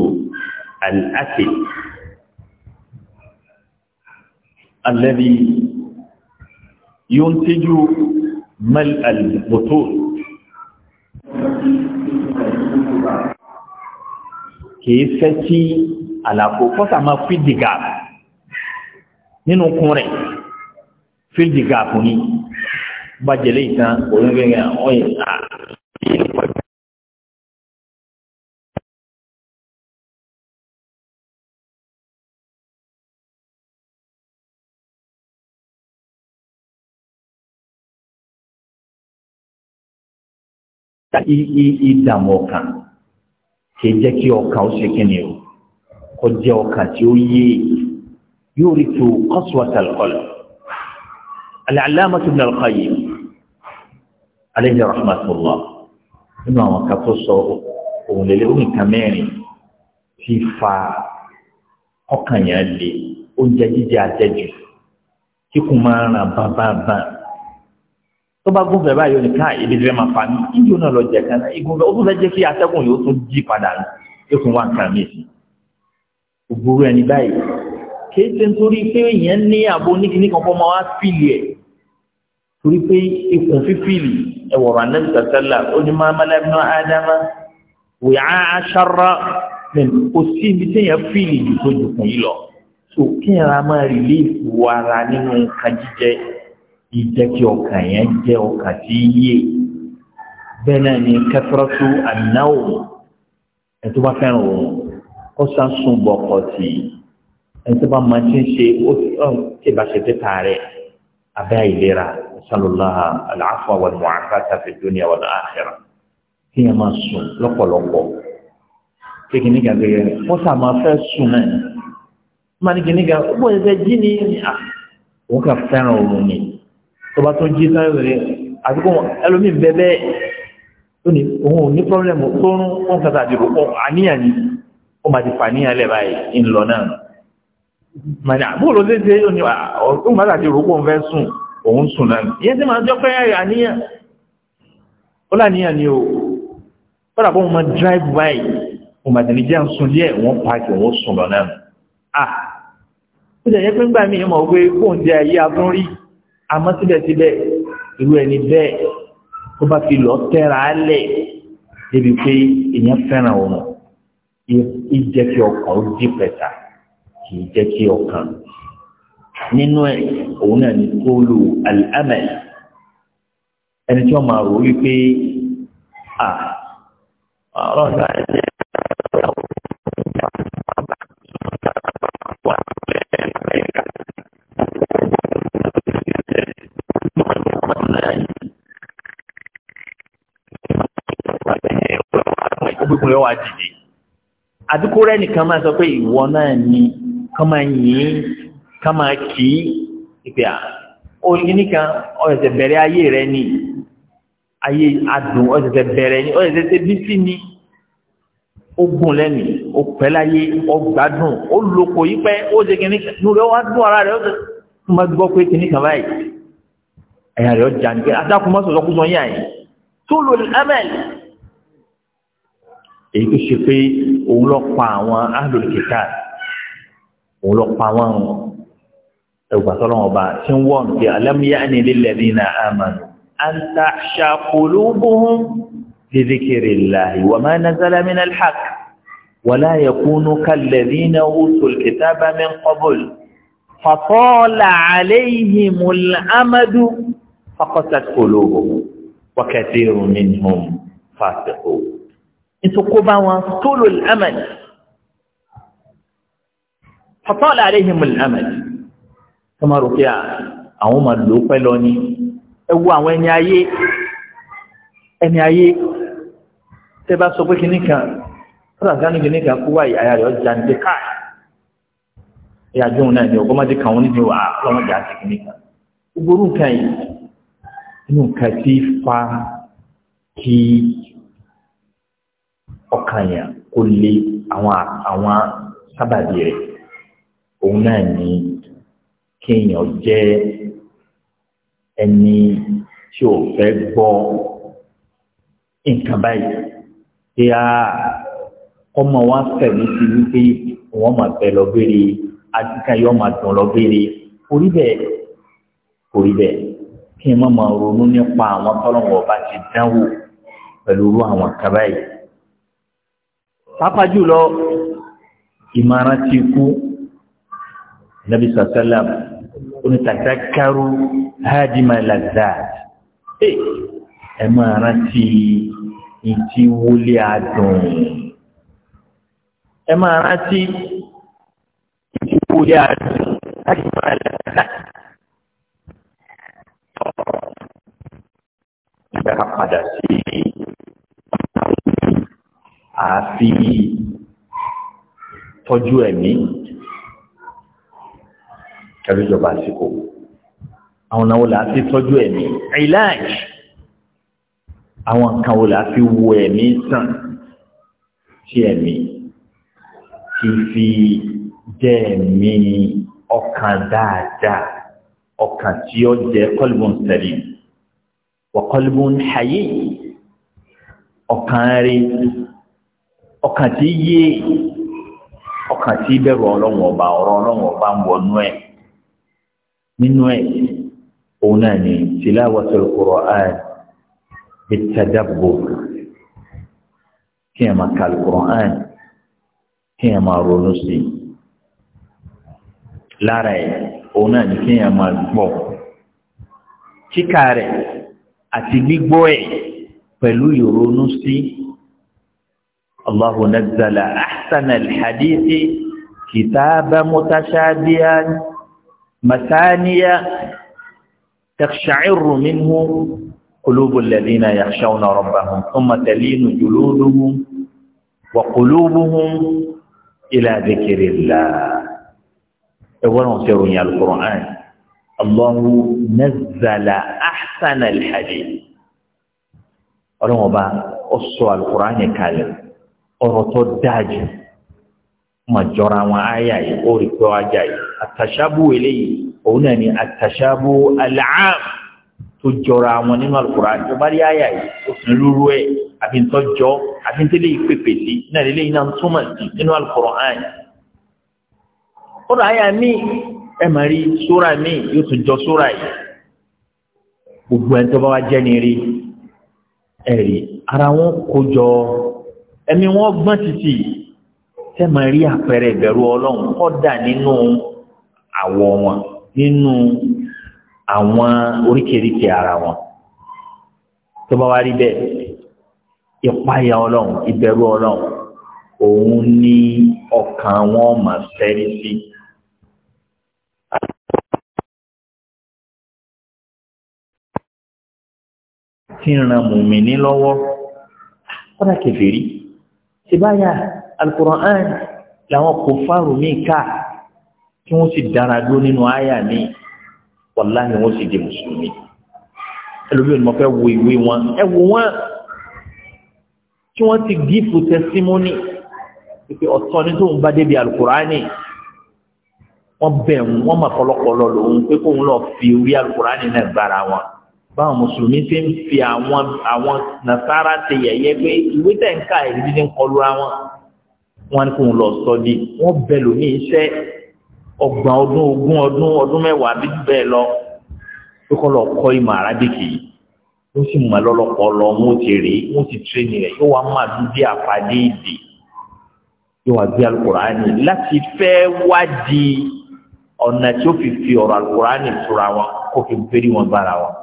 al-akil alladhi yuntiju mal al-butul kìí fẹ́ kí àlàfo kọ́sà máa fi dìgà nínú kún rẹ̀ fi dìgà fún ni bàjẹ́ lè tán òun fi hàn ọ́ yìí à yìí ló pọ̀ jù. ìdààmú ọkàn kì í jẹ́ kí ọkàn ó ṣe kíni o kò jẹ́ ọkàn tí ó yé yóò rí tu qaswatal qalb. العلامة allamah Ibn عليه رحمة الله. rahmatullah nínú àwọn kan tó sọ òun lélẹ̀ òun nǹkan mẹ́rin fífa ọkàn yẹn lé oúnjẹ jíjẹ àjẹjù kíkùn máa ń ràn bàbàbà tó bá gúnfẹ̀ báyìí nìkan ibi rẹ̀ máa fa ní ìdí òun náà lọ jẹ kan náà ìgúnfẹ̀ ó tún fẹ́ jẹ́ kí atẹ́gùn yóò tún jí padà yóò tún wá nǹkan mi sí ògbúrú ẹni báyìí kéé nítorí pé èèyàn ní ààbò oníkìní kan fọmọ wá fìlì ẹ̀ torí pé ikùn fífìlì ẹwọ̀rọ̀ anabi sàtẹ́là ó ní máa mẹ́lẹ́ ní ádámà wìá aṣọ́rọ́ nínú kò sí ibi téèyàn fìlì jù tó jù kùn yìí lọ tó kíyàrá máa rìlíìfù ara nínú nǹkan jíjẹ ìjẹ́ kí ọkàn yẹn jẹ́ ọkàn tí yíyé bẹ́ẹ̀ náà ni kẹfẹ́rọ́tù ànáwó ẹ̀tọ́ bá fẹ́ràn òun ó sàn sùn bọ̀ sí i ẹ̀tọ́ bá máa ti ń ṣe ó ti bá ṣe tẹ́ta rẹ̀ abẹ́ àìlera. أسأل الله العفو والمعافاة في الدنيا والآخرة هي ما سون لقو لقو kékin ní gàgbé yẹn wọ́n sá máa fẹ́ sùn náà máa ní kíní gàgbé ó bọ̀dẹ̀ fẹ́ jí ní à òun kà fẹ́ràn òun ni tó bá tún jí sáré rẹ̀ àti kó ẹlòmíì bẹ́ẹ̀ bẹ́ẹ̀ ó ní òun ò ní pọ́blẹ́mù tó ń òun kàtà àdìrò pọ̀ àníyàn ni ó máa ti fà níyàn lẹ̀ báyìí ńlọ náà màdà bóòlù ó ṣe ṣe ó ní òun kàtà àdìrò pọ̀ ń fẹ́ sùn òun sùn náà ìyẹn tí màá jọ pé àníyàn ó láníyàn ni o ó dàbọ̀ wọn máa drive by wọn máa tẹ̀lé jẹ́ àǹsùn díẹ̀ wọ́n paaki wọ́n sùn lọ náà ah ó jẹ́ pé ńgbà míì mọ̀ pé fóun jẹ́ ayé abúrún rí àmọ́ síbẹ̀síbẹ̀ irú ẹni bẹ́ẹ̀ tó bá fi lọ tẹ́ra á lẹ̀ débi pé èèyàn fẹ́ràn òun ìjẹ́ kí ọkàn ó jí pẹ̀ta kì í jẹ́ kí ọkàn nínú ẹ̀ òun náà ní tóòlù al-amal ẹni tí wọ́n máa rò wípé à ọ̀rọ̀ náà ẹ̀ ṣe ògbékun dìde àdúgbò rẹ nìkan máa sọ pé ìwọ náà ni kọ́ máa yìn ín. Kama máa kì í ìpè à ó nìkan ọ̀sẹ̀ bẹ̀rẹ̀ ayé rẹ ni ayé adùn ọ̀sẹ̀ bẹ̀rẹ̀ ni ọ̀sẹ̀ tẹ bí sí ni ó gùn lẹ́nu ó pẹ́ láyé ó gbádùn ó lóko yìí pẹ́ ó ṣe kìíní nu rẹ wá dún ara rẹ ó ṣe tó máa gbọ́ pé kìíní kan báyìí ẹ̀yà rẹ ó jà ní pé adákùnmọ́sọ̀ lọ́kùnrin sọ yín àyè tó lò lẹ́mẹ̀lì èyí tó ṣe pé òun lọ pa àwọn alòlùkìtà òun lọ pa àwọn ẹgbàtọ́lọ́ ọba tí ń wọ́n fi alámiyáni lilladhina amanu an takhsha qulubuhum li dhikrillahi wa ma nazala minal haqq wa la yakunu kalladhina utul kitaba min qabl fatala alayhimul amadu faqasat qulubuhum wa kathirun minhum fasiqun. ìtukùbà wọn tulul amad fatala alayhimul amad. kọ́má rò pé àwọn máa lò ó pẹ́ lọ ni ẹ wo àwọn ẹni ayé ẹni ayé tẹ́ bá sọ pé kínní kan fúlà gánú kínní kan kó wáyé àyà rẹ̀ ọjà ní pé káà ìyá jóun náà ni ọgbọ́n máa ti kàn wọ́n níbi wàá lọ́wọ́n jà sí kínní gbogbo nǹkan yìí inú nǹkan tí fa kí ọkàn yẹn kó lé àwọn sábàbí rẹ̀ òun náà ní kéèyàn jẹ́ ẹni tí ò fẹ́ gbọ́ nǹkan báyìí tí a ọmọ wa fẹ̀mí sí wípé wọ́n máa bẹ̀ lọ́gbére adúgbò yóò máa dùn lọ́gbére orí bẹ́ẹ̀ orí bẹ́ẹ̀ kí n má máa ronú nípa àwọn tọ́lọ́wọ́ bá ti dánwò pẹ̀lú irú àwọn kan báyìí. pàápàá jùlọ ìmọ̀ràn ti kú nàbí sàṣẹ́lẹ̀ onítàtàkárú hádìmá làzà ẹ máa rántí ìtí wọlé adùn ẹ máa rántí ìtí wọlé adùn hádìmá làzà. Kita akan pada si àfi tọ́jú ẹ̀mí ẹ̀rọ ìjọba àsìkò àwọn náà wò là á fi tọ́jú ẹ̀mí ìlàjì àwọn kan wò là á fi wo ẹ̀mí sàn sí ẹ̀mí ti fi jẹ́ ẹ̀mí ọkàn dáadáa ọkàn tí ó jẹ́ kọ́lùbùn sẹ́lẹ̀ wà kọ́lùbùn hayé ọkàn rí ọkàn tí yé ọkàn tí bẹ̀rù ọlọ́wọ̀n ọba ọ̀rọ̀ ọlọ́wọ̀n ọba ń wọnú ẹ̀ nínú ẹ̀ òun náà ni tilawatul Qur'an bitadabbur kí ẹ máa kàlù Qur'an kí ẹ máa ronú sí i lára ẹ̀ òun náà ni kí ẹ máa gbọ́ kíkà rẹ̀ àti gbígbọ́ ẹ̀ pẹ̀lú ìrònú sí Allahu nazzala ahsana al-hadithi kitaba màtáníyà tẹ̀ṣàìrù منه قلوب الذين يخشون ربهم ثم تلين جلودهم وقلوبهم إلى ذكر الله أولا سيرون يا القرآن الله نزل أحسن الحديث أولا أصوى القرآن كالب أرطو الداجب mà jọra wọn àyà yìí ó rí pé ó ajá yìí àtàṣàbù eléyìí òun náà ni àtàṣàbù aláàm tó jọra wọn nínú Al-Qur'an tó bá rí àyà yìí ó sì lúrú ẹ àfi tó jọ àfi tẹ́lẹ̀ yìí pépè sí náà lélẹ́yìn náà ń sí nínú Al-Qur'an ó rà àyà míì ẹ máa rí sóra míì yóò tún jọ sóra yìí gbogbo ẹni tó bá wá jẹ́ ni rí ẹ̀rí ara wọn kó jọ ẹ̀mí wọn gbọ́n títì yìí. tẹ́mọ̀ rí àpẹẹrẹ ìbẹ̀rù ọlọ́run kọ́dà nínú àwọ̀ wọn nínú àwọn oríkèéríkèé ara wọn tó bá wá rí bẹ́ẹ̀ ìpáyà ọlọ́run ìbẹ̀rù ọlọ́run òun ní ọkàn wọn mà sẹ́rí sí. tí ń ran mùmí ní lọ́wọ́ kọ́dà kẹfìrí ṣe báyà alukur'an làwọn kò fáàrù míì ká kí wọ́n sì dára dúró nínú àyà mi wàláhì wọ́n sì di mùsùlùmí ẹlòmíràn ni mo fẹ́ wo ìwé wọn ẹ wò wọn tí wọ́n ti gífù tẹsímọ́nì pípẹ́ ọ̀tọ̀ ní tóun bá débi alukur'ani wọ́n bẹ̀ ń wọ́n mà kọ́lọ́kọ́lọ́ lòun pé kóun lọ fi orí alukur'ani náà gbára wọn báwọn mùsùlùmí ti ń fi àwọn àwọn nasara ti yẹ̀yẹ́ pé ìwé tẹ̀ ń ká ìrírí ní kọlu àwọn wọ́n ní kó ń lọ sọ di wọ́n bẹ lómi iṣẹ́ ọgbọ̀n ọdún ogún ọdún ọdún mẹ́wàá bí bẹ́ẹ̀ lọ pé kọ́ lọ kọ́ ìmọ̀ arábìkì yìí ó sì mọ̀ lọ́lọ́pọ̀ lọ wọ́n ti rè é wọ́n ti tírẹ́nì rẹ̀ yóò wá máa dún bí àpàdé ìdè yóò wá bí alukurani láti fẹ́ wádìí ọ̀nà tí ó fi fi ọ̀rọ̀ alukurani tura wọn kó fi bẹ́rí wọn bára wọn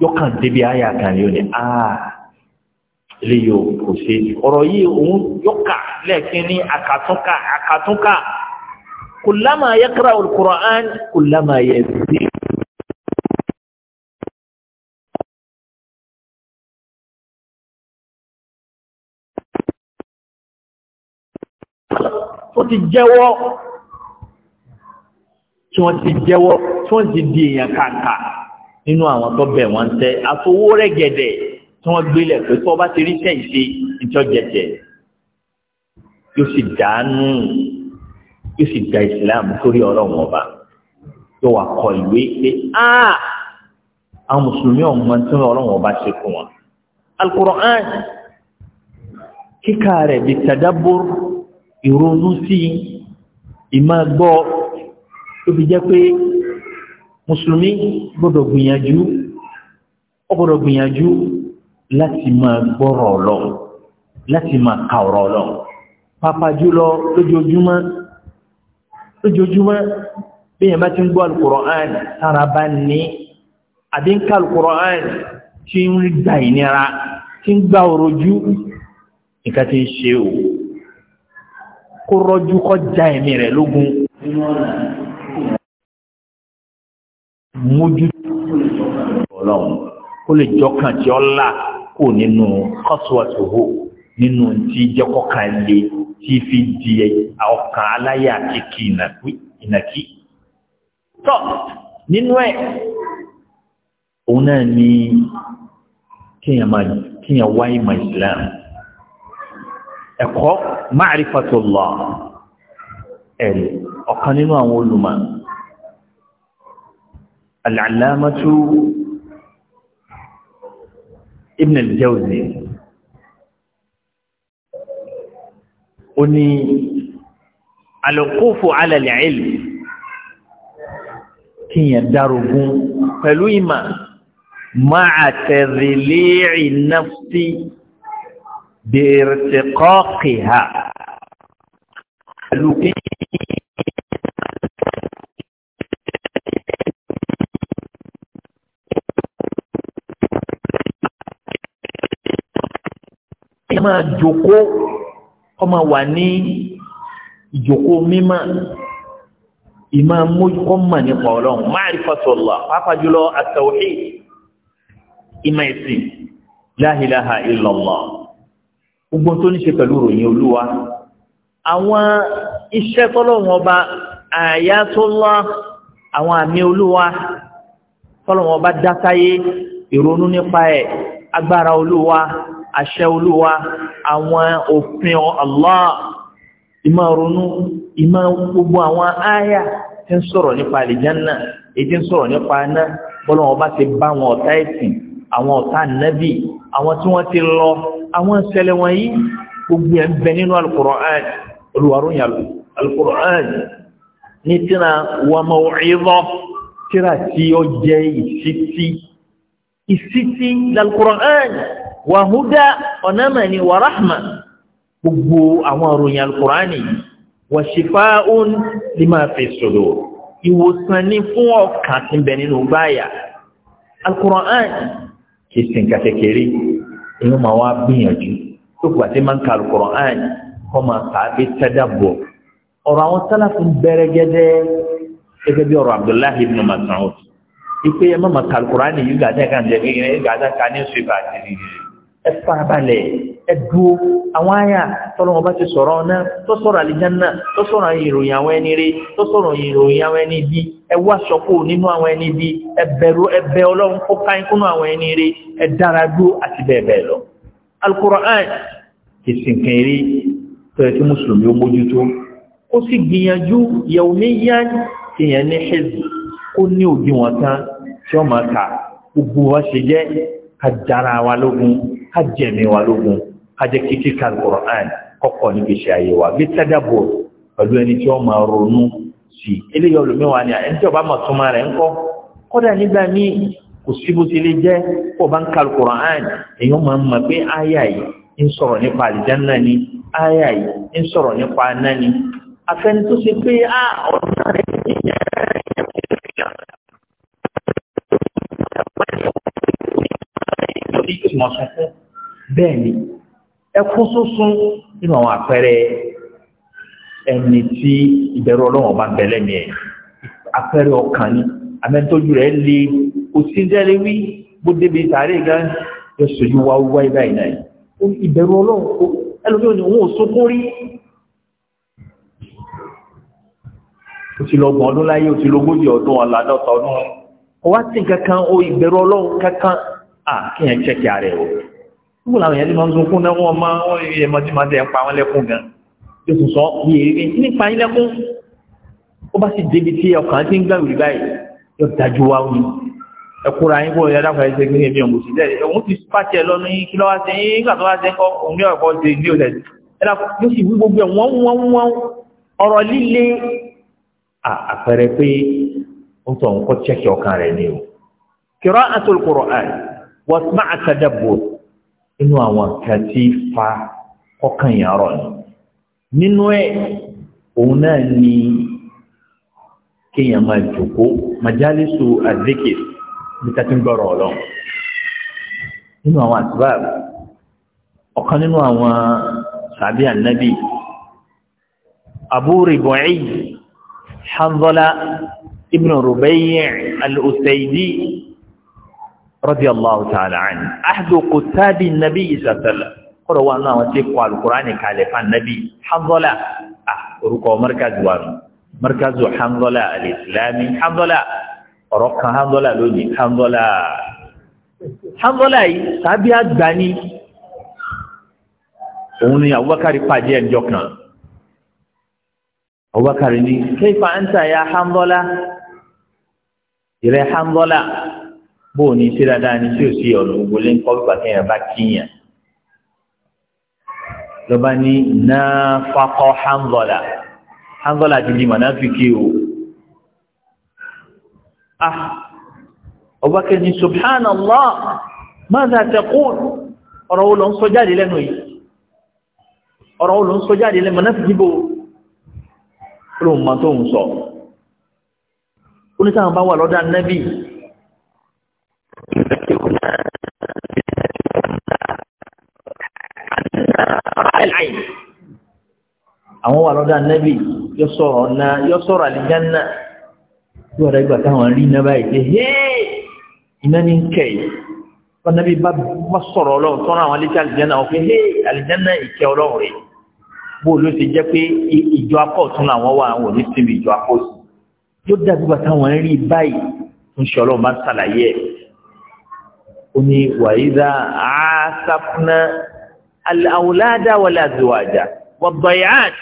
yóò kàn débi àyà kan yóò ní aaa. Ah, eléyìí ò kò ṣe é ọ̀rọ̀ yìí òun yọkà lẹ́ẹ̀kín ní àkàtúnkà àkàtúnkà kullama yakra al-Qur'an kullama yazid. ó ti jẹ́wọ́ tí wọ́n ti jẹ́wọ́ tí wọ́n ti di èèyàn kàkà nínú àwọn tó bẹ̀ wọ́n tẹ́ àfowó rẹ̀ gẹ̀dẹ̀ tí wọ́n gbélé pé tó bá ti rí iṣẹ́ ìṣe ìjọ jẹjẹ yóò sì dànù yóò sì da ìsìláàmù sórí ọ̀rọ̀ wọn ọba yóò wá kọ ìwé pé áà àwọn mùsùlùmí ọ̀hún tí wọ́n ọ̀rọ̀ wọn ọba ṣe fún wọn. Al-Qur'an kíkà rẹ̀ bí tadabbur ìrònú sí ìmọ̀ gbọ́ tó fi jẹ́ pé mùsùlùmí gbọ́dọ̀ gbìyànjú ó gbọ́dọ̀ gbìyànjú láti máa gbọ́rọ̀ lọ láti máa ka ọ̀rọ̀ lọ pàápàá jùlọ lójoojúmọ́ lójoojúmọ́ bí yẹn bá ti ń gbọ́ alukur'an sára bá ní àbí ń ka alukur'an tí ń gba ìnira tí ń gba òrojú nǹkan tí ń ṣe o kó rọjú kó já ẹ̀mí rẹ̀ lógun mójú ọlọ́run kó lè jọkàn tí ó là kó nínú kọ́sùwàtòhó nínú tí jẹ́kọ́ka lè tí fi di ọkàn aláyà kíkì ìnàkí. tọ́ nínú ẹ̀ òun náà ni kíyàn wá ìmọ̀ islam ẹ̀kọ́ ma'rifatullah ẹ̀rì ọ̀kan nínú àwọn olùmọ̀ Ibn al-Jawzi ó ní alqufu ala al-ilm kíyàn darogun pẹ̀lú ìmọ̀ ma'a tadhli'i nafsi bi irtiqaqiha pẹ̀lú kí kéèyàn máa jòkó ọmọ wà ní ìjòkó mímọ́ ìmọ̀ mójúkọ́ mọ̀ nípa ọlọ́run ma'rifatullah pàápàá jùlọ at-tawhid ìmọ̀ ẹ̀sìn la ilaha illallah gbogbo tó ní ṣe pẹ̀lú ròyìn olúwa àwọn iṣẹ́ tọ́lọ́run ọba ayatullah àwọn àmì olúwa tọ́lọ́run ọba dátáyé ìrònú nípa ẹ̀ agbára olúwa àṣẹ olúwa àwọn òfin Allah ìmọ̀ ronú ìmọ̀ gbogbo àwọn àyà tí ń sọ̀rọ̀ nípa àlìjánà èdè ń sọ̀rọ̀ nípa aná bọ́lá wọn bá ti bá wọn ọ̀tá ẹ̀sìn àwọn ọ̀tá nẹ́bì àwọn tí wọ́n ti lọ àwọn ìṣẹ̀lẹ̀ wọ̀nyí gbogbo ẹ̀ wàhúdà ọ̀nàmà ni wàràhmà gbogbo àwọn òròyìn alukurani wàṣífà òun lè máa fi sọ̀rọ̀ ìwòsàn ni fún ọkàn tí ń bẹ nínú báyà alukurani kì í sin kàkékeré inú màá wá gbìyànjú tó kù àti máa ń ka alukurani kọ́ máa kà á bí tẹ́dàbọ̀ ọ̀rọ̀ àwọn sálàfù bẹ̀rẹ̀ gẹ́dẹ́ gẹ́gẹ́ bí ọ̀rọ̀ abdullahi ibn mas'ud ipe ẹ má yìí gàdá kan jẹ́ kékeré gàdá kan ní oṣù ìbàdàn nìyẹn ẹ̀fà balẹ̀ ẹ̀dúó àwọn àyà tọ́lọ́wọ́ bá ti sọ̀rọ̀ náà tó sọ̀rọ̀ àlìjánà tó sọ̀rọ̀ ìròyìn àwọn ẹni rí tó sọ̀rọ̀ ìròyìn àwọn ẹni bí ẹwà sọ́kò nínú àwọn ẹni Al-Qur'an kìsìnkìn rí tọ́yẹ tí mùsùlùmí ó mójútó ó sì gbìyànjú yawmiyan kìyàn ní hizb ó ní òdiwọ̀n kan tí ó máa kà gbogbo wa ṣe jẹ́ kájára wa lógun ká jẹ̀mí wa lógun ká jẹ́ kíkí ka al kọ́kọ́ níbi iṣẹ́ ayé wa bí tadabbur pẹ̀lú ẹni tí wọ́n máa ronú sí eléyìí olùmíwá ni ẹni tí ọba máa túmọ̀ rẹ̀ ńkọ́ kódà nígbà míì kò sí bó ti lè jẹ́ kó o bá ń ka Al-Qur'an èèyàn máa ń mọ̀ pé áyà yìí ń sọ̀rọ̀ nípa àlìjánnà ni áyà yìí ń sọ̀rọ̀ nípa aná ni afẹ́ni tó ṣe pé á ọ̀nà bẹ́ẹ̀ ni ẹkún sọ́sún nínú àwọn àpẹẹrẹ ẹni tí ìbẹ̀rù ọlọ́wọ̀n bá bẹ̀lẹ̀ mi ẹ̀ àpẹẹrẹ ọkàn ni amẹ́tọ́jú rẹ̀ le kò wí bó débi tààrí gan yọ sojú wá wá ibà ìná ìbẹ̀rù ọlọ́wọ̀n ẹlòmíràn ni òun ò sókún rí ó ti lọ gbọ̀n ọdún láyé ó ti lọ ogójì ọdún Gbogbo àwọn èèyàn ti máa ń sunkún náà wọ́n máa wọ́n yẹ mọ́tí máa tẹ̀ pa wọ́n lẹ́kún gan. Yóò tún èrè nípa yín lẹ́kún. Ó bá sì débi tí ọkàn ti ń gbà wí báyìí, yóò dájú wá wí. Ẹ yín kó ẹ̀yà dákọ̀ ẹ̀ṣẹ̀ gbé mi ọ̀gbọ̀n sílẹ̀. Òun ti pàṣẹ lọ́nu yín kí lọ́wọ́ ṣe yín tó wá ṣe ń kọ́ inú àwọn nǹkan tí fa ọkàn yàn rọ̀ ni nínú ẹ̀ òun náà ni kéèyàn máa jòkó majalisu azikir ní ká ti ń gbọ́rọ̀ ọlọ́run nínú àwọn àtibáà ọ̀kan nínú àwọn sàbí ànábì Abu Rib'i Hanzala ibn Rubayyi al-Usaidi radiyallahu ta'ala anhu ahdu kutabi nabi sallallahu kọ́dọ̀ wà náà wọ́n ti kọ́ alukurani kalẹ̀ fún nabi hanzola ah orúkọ markazu wa markazu hanzola alislami hanzola ọ̀rọ̀ kan hanzola lónìí hanzola hanzola yìí sábẹ́ àgbáni òun ni abubakar pàdé ẹnjọ kan abubakar ni kayfa anta ya hanzola ìrẹ hanzola. bóò ní ṣe dáadáa ni tí ò sí ọ̀nà gbogbo lé ń kọ́ bípa kéèyàn bá kíyàn lọ́ba ní náfàkọ́ hanzọ́là hanzọ́là ti di mọ̀nàfíkì o ah ọba kẹni subhanallah mada taqul ọ̀rọ̀ wo ló ń sọ jáde lẹ́nu yìí ọ̀rọ̀ wo ló ń sọ jáde lẹ́nu mọ̀nàfíkì bò ó lóun tó ń sọ oníṣàwọn bá wà lọ́dọ̀ anábì àlàyé àwọn wà lọ́dọ̀ ànábì yọ sọ̀rọ̀ ọ̀nà yọ sọ̀rọ̀ àlìjánná tí wọ́n rẹ̀ gbà táwọn rí iná báyìí pé hé iná ní kẹ̀ yìí ànábì bá bá sọ̀rọ̀ ọlọ́run tọ́ra àwọn alẹ́jẹ́ àlìjánná wọn pé hé àlìjánná ìkẹ́ ọlọ́run rẹ̀ bó ló ti jẹ́ pé ìjọ akọ́ ọ̀tún làwọn wà wọ̀ ní síbi ìjọ akọ́ sí yóò dàbí gbà táwọn rí báyìí ń àwòládà wọlé àzìwàjà gbọ̀gbọ̀ yáàt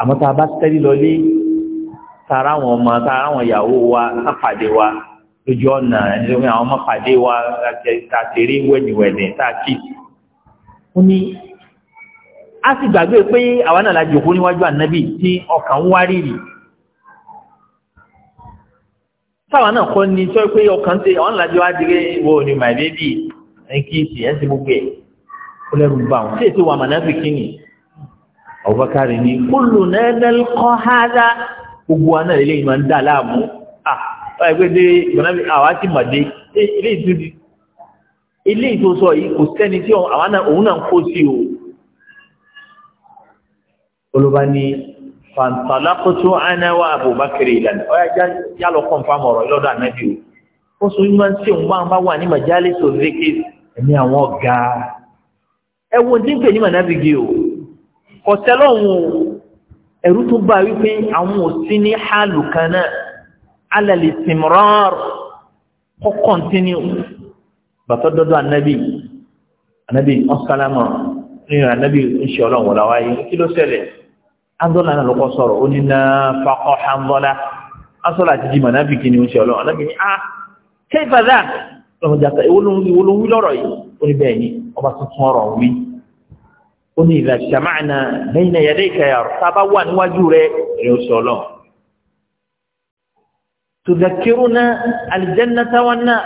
àmọ́ tá a bá tẹ́lí lọlé tara àwọn ọmọ tara àwọn ìyàwó wa sápàdé wa lójú ọ̀nà ẹni àwọn ọmọ pàdé wa tàtẹ̀rí wẹ̀dìwẹ̀dì tààkì ó ní a sì gbàgbé pé àwa náà la jókòó níwájú ànábì tí ọkàn ń wárìrì táwọn náà kọ́ ni sọ pé ọkàn ṣe ọ̀nà lájọ́ wá diré wo ni my baby ẹ̀ kí ẹ̀ ń gbogbo ẹ̀ kúlẹ̀rù bá wọn tí èsì wà mànáfi kíni Abubakar ni kúlù nẹ́ẹ̀dẹ́l kọ́ hádá gbogbo aná ilé ìmọ̀ ń dà láàmú àgbẹ̀dẹ́ mànáfi àwa ti màdé ilé ìtúdi ilé ìtòsọ yìí kò sẹ́ni tí òun náà kó sí o olùbá ni fàǹtàlákòtò ànáwà Abubakar ìlànà ọ̀yá yálọ̀ kọ́ńfàmù ọ̀rọ̀ lọ́dọ̀ ànábì ó sọ yín tí òun bá wà ní màjálẹ̀ zékè ẹ̀mí àwọn ọ̀gá ẹwọ tí ń pè ní mọ̀nàbìgì o ọ̀tẹ́lọ́wọ̀n ẹ̀rú tó bá wípé àwọn òsí ní hálù kan náà alẹ́lẹ̀ tìmọ́rọ́r kọ́kọ́ tíní bàtọ́ dọ́dọ́ anábì anábì ọ̀sálámà nínú anábì ń ṣe ọlọ́wọ̀n láwáyé kí ló ṣẹlẹ̀ andọ́là náà lọ́kọ́ sọ̀rọ̀ ó ní náà fakọ́ handọ́lá asọ́là àti jimọ̀ anábì kí ni ń ṣe ọlọ́wọ̀n anábì ní ah kéfàdà lọ́mọdé àtà ìwọ́lóhùn lọ́rọ̀ yìí ó ní bẹ́ẹ̀ ni ọba tuntun ọ̀rọ̀ wí ó ní ìlà sàmáàna lẹ́yìn náà yàrá ìkẹyà tá a bá wà níwájú rẹ ẹ̀rọ sọ lọ. tùdàkírúnà àlìjẹ́nà táwọn náà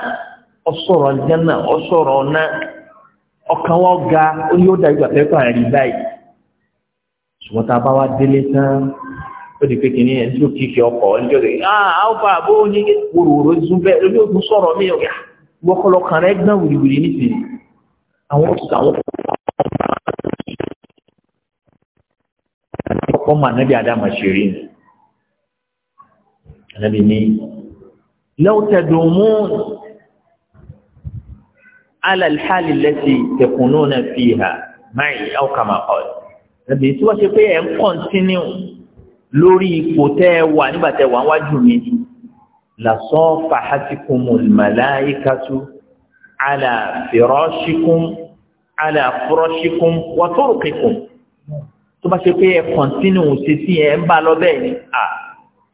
ọ̀sọ̀rọ̀ àlìjẹ́nà ọ̀sọ̀rọ̀ náà ọkàn wọn ga ó ní ó dàbí àfẹ́kọ̀ àrí báyìí ṣùgbọ́n tá a bá wá délé tán ó di pé kí ni ẹni tí ó kì í fi ọkọ̀ ọjọ́ rẹ̀ ah alfa bó ní wòròwòrò zúbẹ́ lórí òkú sọ̀rọ̀ mi ọ̀gá ah, wọ́kọ̀lọ́kàn rẹ̀ gbọ́n wìrìwìrì nísìnyí àwọn òṣìṣẹ́ àwọn ọkọ̀ mà nábì adama ṣeré ni nábì ní lọ́wọ́tẹ̀dùnmú alàlhálì lẹ́sì tẹ̀kùnú náà fi hà máì ọkàmà ọ̀d nábì tí wọ́n ṣe pé ẹ̀ ń kọ́ntínú lórí ipò tẹ́ ẹ wà nígbà tẹ́ wà wájú mi làsọ́ fàhásìkùmù màláìkàtú ala firashikum ala firashikum wa turqikum tó bá ṣe pé ẹ kọ̀ntínú ṣe sí ẹ ń bá lọ bẹ́ẹ̀ ni à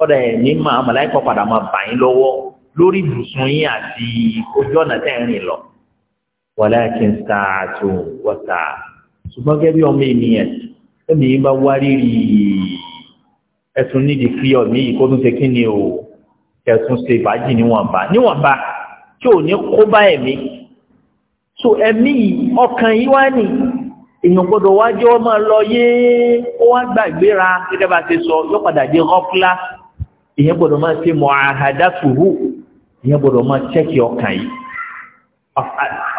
ọ̀dà ẹ̀ ní máa màláìkà padà máa bà yín lọ́wọ́ lórí ibùsùn yín àti ojú ọ̀nà tẹ̀ ń rìn lọ. walakin sa'atu wa sa'a ṣùgbọ́n gẹ́gẹ́ bí ọmọ ènìyàn ẹ̀mí yín bá wá rírì ẹ̀sùn nídìí kí ọ̀mí yìí kó tún ṣe kí ni o ẹ̀sùn ṣe ìbàjì níwọ̀nba níwọ̀nba tí ò ní kó bá ẹ̀mí so ẹ̀mí yìí ọkàn yìí wá ní èèyàn gbọ́dọ̀ wá jẹ́ ọmọ lọ yéé ó wá gbàgbéra gẹ́gẹ́ bá ti sọ yóò padà dé ọ́fúlá èèyàn gbọ́dọ̀ máa ṣe mọ̀ àhàdá fùhù èèyàn gbọ́dọ̀ máa ṣẹ́kì ọkàn yìí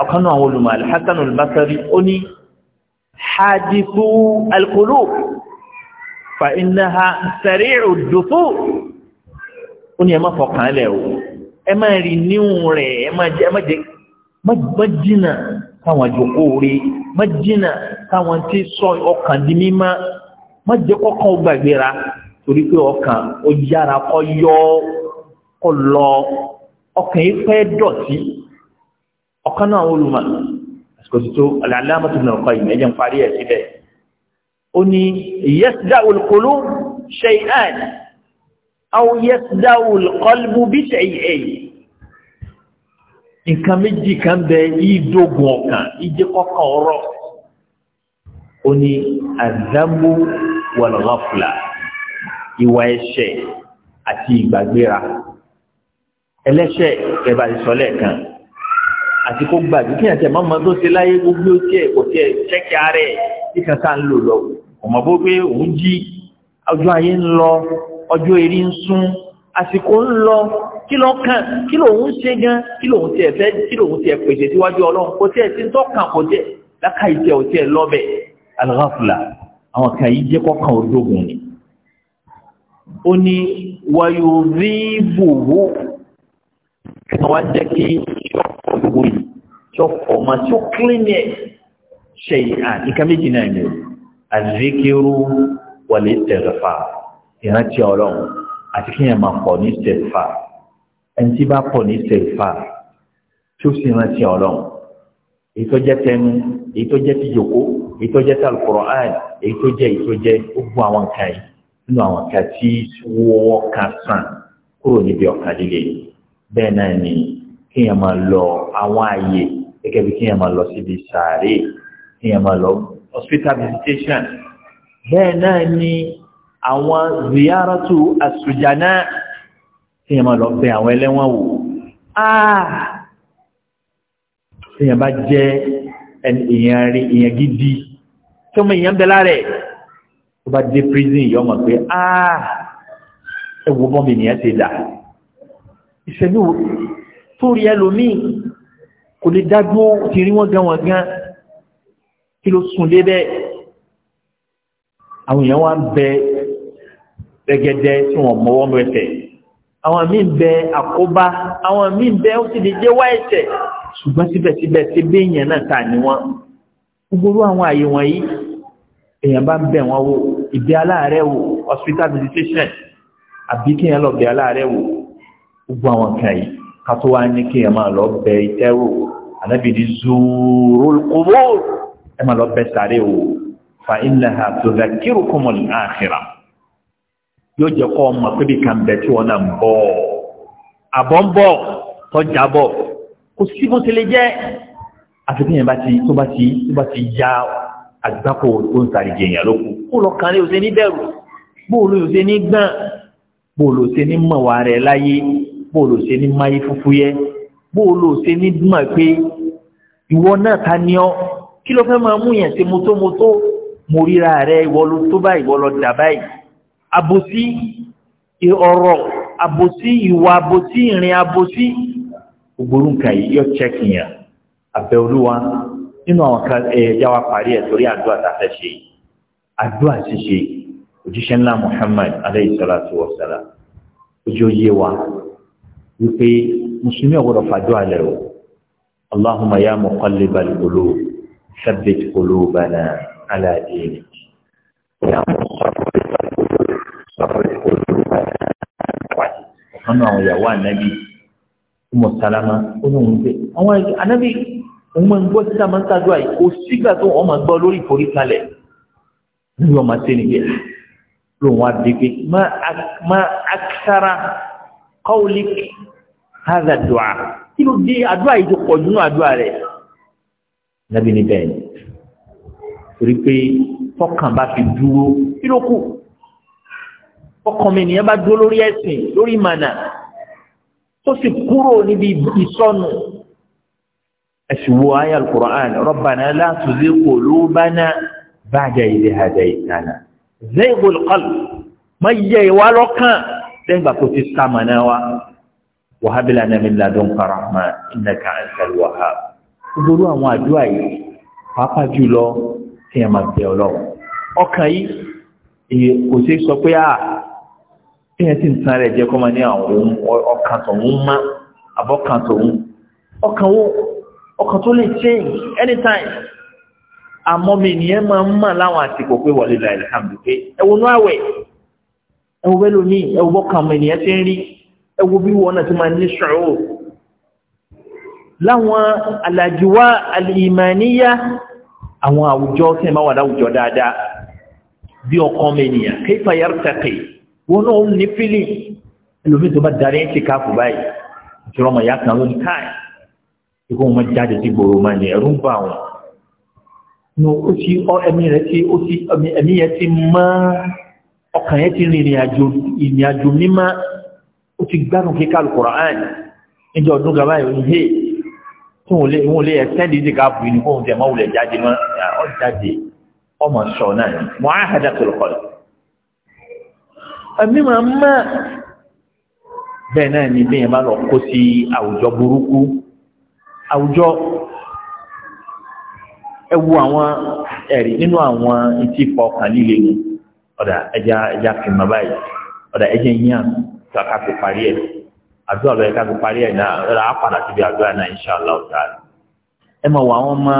ọ̀kan náà àwọn olùmọ̀ Al-Hasan ó ní hadithu al-qulub fa innaha sari'u dufu ó ní ẹ má fọkàn lẹ̀ ẹ máa rí níhùn rẹ̀ ẹ máa jẹ́ má jìnà káwọn àjòkó rí má jìnà káwọn tí sọ ọkàn di mímá má jẹ́ kọ́kàn gbàgbéra torí pé ọkàn ó yára kọ́ yọ kọ́ lọ ọkàn yìí fẹ́ dọ̀tí ọkàn náà olùmọ̀ àsìkò tuntun aláàlámà tó nà ọkọ̀ aw yasdawu alqalbu bi shay'in nǹkan méjì kan bẹ ìdógun ọkàn ìjẹ kọkàn ọ̀rọ̀ ó ní azamu wàlúwàfúlà ìwà ẹ̀ṣẹ̀ àti ìgbàgbéra ẹlẹ́ṣẹ̀ ẹbà ìsọlẹ kan àti kó gbàgbé kí àti ẹmọọmọ tó ṣe láyé gbogbo tiẹ̀ kò tiẹ̀ ṣẹkẹ ààrẹ tí kankan ń lò lọ ọmọ gbogbo òun jí ọjọ́ ayé ń lọ ọjọ́ eré ń sún àsìkò ń lọ kí ló kàn kí lòun ṣe gan kí lòun tiẹ̀ fẹ́ kí lòun tiẹ̀ pèsè síwájú ọlọ́run kò tiẹ̀ ti ń tọ́kàn kò tiẹ̀ láka ìtẹ̀ ò tiẹ̀ lọ́bẹ̀ alghafla àwọn kan yìí jẹ́ kọ́kàn odógun ni ó ní wàyò rí bòwò kàn wá jẹ́ kí ṣọ́pọ̀ gbogbo yìí ṣọ́pọ̀ máa tó kílínì ṣe ìhà nǹkan méjì náà ni àzíkírú wàlé tẹ̀rẹ̀fà ìrántí ọlọ́run àti kíyàn máa pọ̀ ní sèfà ẹni tí bá pọ̀ ní sèfà tí ó sì rántí ọlọ́run èyí tó jẹ́ tẹnu èyí tó jẹ́ tìjòkó èyí tó jẹ́ tàlùkọ̀rọ̀ àìn èyí tó jẹ́ èyí tó jẹ́ gbogbo àwọn nǹkan yìí nínú àwọn nǹkan tí wọ́wọ́ kan sàn kúrò níbi ọ̀kan líle bẹ́ẹ̀ náà ni kíyàn máa lọ àwọn ààyè gẹ́gẹ́ bí kíyàn máa lọ síbi sàárè kíyàn máa lọ hospital visitation bẹ́ẹ̀ náà ni àwọn ziyaratu asùjánà tí yẹn máa lọ bẹ àwọn ẹlẹ́wọ̀n wò ah! tí yẹn bá jẹ́ èèyàn rí èèyàn gidi tí ọmọ èèyàn bẹ lára ẹ̀ tó bá dé prison yọ mọ̀ pé ah! ẹwọ bọ́mì nìyẹn ti dà ìṣẹ́lú tó rí ẹlòmíì kò lè dágbó ti rí wọ́n gan wọ́n gan kí ló sùn lé bẹ́ẹ̀ àwọn èèyàn wá ń rẹ́gẹ́dẹ́ tí wọ́n mọ́wọ́ mọ́ ẹsẹ̀ àwọn míì bẹ àkóbá àwọn míì bẹ ó sì lè jẹ́ wá ẹsẹ̀ ṣùgbọ́n síbẹ̀síbẹ̀ tí bí èèyàn náà ta ni wọ́n gbogbo àwọn àyè wọ̀nyí èèyàn bá ń bẹ̀ wọ́n wò ìbí aláàárẹ̀ wò hospital visitation àbí kí lọ bẹ̀ aláàárẹ̀ wò gbogbo àwọn kan yìí ká wá ní kí máa lọ bẹ̀ ìtẹ́ wò ànábìdí zuuru kòbó ẹ máa lọ bẹ̀ sáré wò fa innaha tudhakirukumul akhirah yóò jẹ́ kọ́ ọmọ pébi kan bẹ̀ tí wọ́n náà ń bọ̀ àbọ̀ ń bọ̀ tọ́jà bọ̀ kò sí bó ti lè jẹ́ àfikún tó bá ti tó bá ti ya àgbákò tó ń sáré jẹ̀yàn lóko kó lọ kàn ní òsè ní bẹ̀rù bóòlù òsè ní gbọ̀n bóòlù òsè ní mọ̀wá rẹ̀ láyé bóòlù òsè ní máyé fúfú yẹ bóòlù òsè ní dùmọ̀ pé ìwọ náà ta ni ọ kí ló fẹ́ máa mú yẹn ṣe mọ́tò mọ́tò mo ríra rẹ ìwọ ló tó báyìí ìwọ ló dà báyìí àbòsí ọ̀rọ̀ àbòsí ìwà àbòsí ìrìn àbòsí gbogbo nǹkan yìí yọ chẹ́kì yẹn abẹ́ olúwa nínú àwọn kan ẹ̀yà wa parí ẹ̀ torí àdúrà tàfẹ́ ṣe àdúrà ṣíṣe òjíṣẹ́ ńlá Muhammad alayhi salatu wa salam ojú oyé wa wípé mùsùlùmí ọ̀gbọ́dọ̀ fàdúrà lẹ̀ o Allahumma ya muqallibal qulub thabbit qulubana ala dinik ya mùsùlùmí. ọ̀kan náà àwọn ìyàwó ànábì ọmọ sálámà ó ní òun bẹ àwọn ànábì òun máa ń gbọ́ síta máa ń ṣàdúrà yìí kò sígbà tó wọ́n máa gbọ́ lórí ìforí kalẹ̀ nínú ọmọ sẹ́ni bẹ́ẹ̀ lóun wá bí pé má akitara kọ́ọ̀lì hàzà dùà kí ló dé àdúrà yìí tó pọ̀ jù àdúrà rẹ̀ ànábì ní bẹ́ẹ̀ torí pé tọkàn bá fi dúró kí ló kù ọkàn mi nìyẹn bá dúró lórí ẹ̀sìn lórí ìmọ̀nà tó sì kúrò níbi ìsọnù ẹ̀sìn wo ayé alukur'an rabbana la tuzigh qulubana ba'da idh hadaytana zaygul qalb má yẹ ìwà lọ́kàn lẹ́yìn ìgbà tó ti sàmànà wa wa hab lana min ladunka rahma innaka antal wahhab gbogbo àwọn àdúrà yìí pàápàá jùlọ tí a máa bẹ ọlọ́run ọkàn yìí kò sí sọ pé a ah, kí ẹ ń tán rẹ̀ jẹ́ kọ́ máa ní àwọn ọkàn tọ̀hún má àbọ́kàn tọ̀hún ọkàn tó lè change anytime àmọ́ mi nìyẹn máa ń mà láwọn àsìkò pé wọlé la ìlàkàmù pé ẹwọ inú àwẹ̀ ẹwọ bẹ́ẹ̀ lómi ẹwọ bọ́kàn mi nìyẹn ti ń rí ẹwọ bí wọn náà ti máa ní ṣòro láwọn alàjùwá alìmọ̀níyá àwọn àwùjọ tẹ̀ máa wà láwùjọ dáadáa bí ọkàn mi nìyẹn kéfà yàrá tẹ̀kẹ̀ẹ́ wọn náà ní fílì ẹlòmíì tó bá darí ẹ̀ ti káàpù báyìí ìṣòro ọmọ ìyá kan ló ní káì ikú wọn jáde sí gbòòrò máa ní ẹ̀rù ń bà wọn nu ó ti ọ ẹ̀mí rẹ̀ ti ó ti ẹ̀mí yẹn ti mọ́ ọkàn yẹn ti rìn ìrìn àjò mímọ́ ó ti gbádùn kíkà Al-Qur'an níjọ ọdún gaba yìí hé tí wọn lé wọn lé ẹsẹ̀ndì ti ká bu ìnìkó ohun tẹ̀ mọ́ wulẹ̀ jáde mọ́ ọ jáde ọmọ sọ náà mọ́ àhàdà tó lọ́kọ̀ọ́ ẹ̀mí máa mọ̀ bẹ́ẹ̀ náà ni bí yẹn bá lọ kó sí àwùjọ burúkú àwùjọ ẹ wo àwọn ẹ̀rí nínú àwọn etí fọkàn líle ni ọ̀dà ẹja ẹja fi mọ̀ báyìí ọ̀dà ẹja yíyan tó a ká fi parí ẹ̀ àdúrà lọ́yẹ ká fi parí ẹ̀ náà ọ̀dà á padà síbi àdúrà náà inṣàlá ọ̀dà ẹ mọ̀ wọ àwọn ọmọ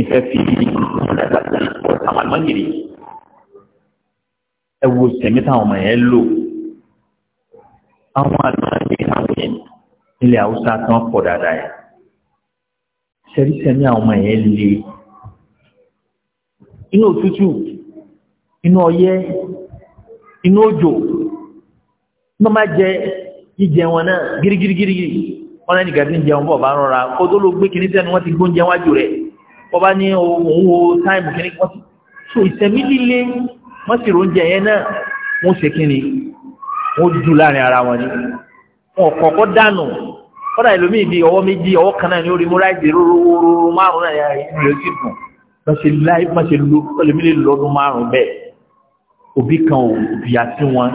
ìfẹ́ fi ìfẹ́ fi àwọn àmàlùmọ́ nìyí ẹ wo sẹ̀mí táwọn ọmọ yẹn lò àwọn àtàlẹ́ àwọn yẹn nílẹ̀ haúsá tí wọ́n pọ̀ dáadáa yẹn sẹ́rí sẹ́mi àwọn ọmọ yẹn le inú òtútù inú ọyẹ́ inú òjò wọ́n máa jẹ jíjẹ wọn náà gírígírígírí wọn náà nìkan tí ń jẹun bọ̀ bá rọra kó tó ló gbé kíní sẹ́nu wọ́n ti gbóúnjẹ wájú rẹ̀ wọ́n bá ní òun wo táìmù kíní so ìsẹ̀mí líle wọ́n sì róúnjẹ yẹn náà wọ́n ṣe kí ni wọ́n dù láàrin ara wọn ni wọn kọ̀ọ̀kọ́ dànù kọ́dà ìlòmíì bíi ọwọ́ méjì ọwọ́ kan náà ni ó rí múráìdì rúrúrú márùn náà yàrá ìlú ló sì dùn wọ́n ṣe láì wọ́n ṣe lu ọlẹ́mí lè lọ́dún márùn bẹ́ẹ̀ òbí kan ò bìyà sí wọn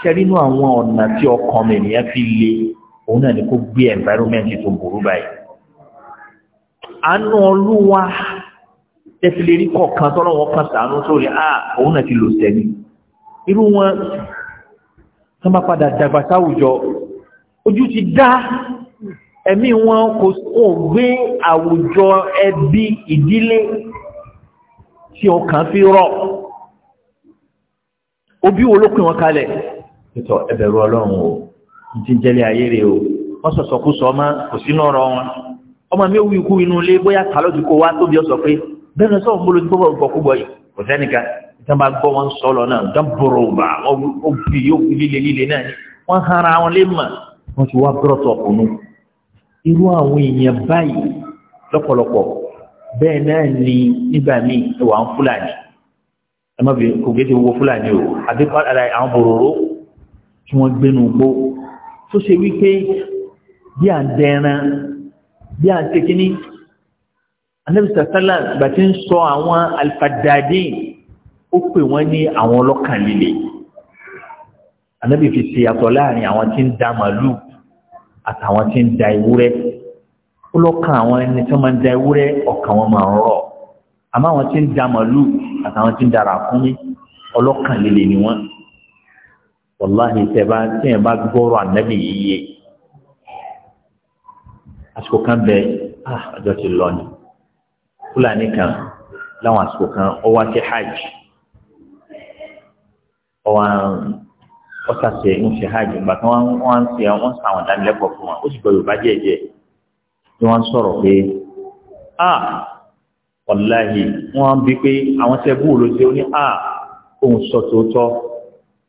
ṣe nínú àwọn ọ̀nà tí ọkàn mi nìyẹn fi le òun náà ni kó gbé environment tó burú báyìí àánú Olúwa tẹ́sílérí kọ̀ọ̀kan tọ́lọ́ wọn kan sàánú sórí à òun náà ti lò sẹ́ni irú wọn tó bá padà dàgbà sáwùjọ ojú ti dá ẹ̀mí wọn kò gbé àwùjọ ẹbí ìdílé tí ọkàn fi rọ̀ òbí wo ló pè wọn kalẹ̀ ìtọ̀ ẹ̀bẹ̀rù ọlọ́run o ti jẹ́lẹ̀ ayé rẹ̀ o wọ́n sọ̀sọ̀ kú sọ ọmọ kò sínú ọ̀rọ̀ wọn ọmọ mi ò wí ikú inú ilé bóyá kálọ́ ti kó wá tóbi ọ̀sọ̀ pé bẹ́ẹ̀ náà sọ̀rọ̀ bolo tó bọ̀ gbọ̀kúgbọ̀ yìí kò sẹ́nìkan ìtàn bá gbọ́ wọn sọ̀rọ̀ náà dábòrò bá ó fi yóò líle líle náà ni wọ́n hara wọn lé mà wọ́n ti wá bọ́rọ̀tọ̀ kùnú. irú àwọn èèyàn báyìí lọ́pọ̀lọpọ̀ bẹ́ẹ̀ náà ni nígbà míì ẹ̀wà ń fúlàní ẹ má fi kògé ti wo fúlàní o àbí pàdé àwọn bòròró tí wọ́n gbénu gbó tó ṣe wípé bí à ń dẹran bí à ń ṣe kínní anabisa sálà gbà tí ń sọ àwọn alifadade ó pè wọ́n ní àwọn ọlọ́kàn líle anabi fi ṣe àtọ̀ láàrin àwọn tí ń da màlúù àtàwọn tí ń da ewúrẹ́ ó lọ́kàn àwọn ẹni tí wọ́n máa ń da ewúrẹ́ ọkàn wọn máa ń rọ̀ àmọ́ àwọn tí ń da màlúù àtàwọn tí ń da ràkúnmí ọlọ́kàn líle ni wọ́n wàláhì tẹ́bá tí ẹ̀ bá gbọ́rọ̀ ànábì yìí yé àsìkò kan bẹ́ẹ̀ àjọ ah, ti lọ ni fúlàní kan láwọn àsìkò kan ó wá sí hajj ó wá ó sàṣe ń ṣe hajj nígbà tí wọ́n wọ́n ń ṣe wọ́n sàn àwọn ìdánilẹ́kọ̀ọ́ fún wa ó sì gbọ́ Yorùbá jẹ́ẹ̀jẹ́ tí wọ́n ń sọ̀rọ̀ pé a wàláhì wọ́n bí pé àwọn tẹ́ bú ló ṣe ó ní a òun sọ tòótọ́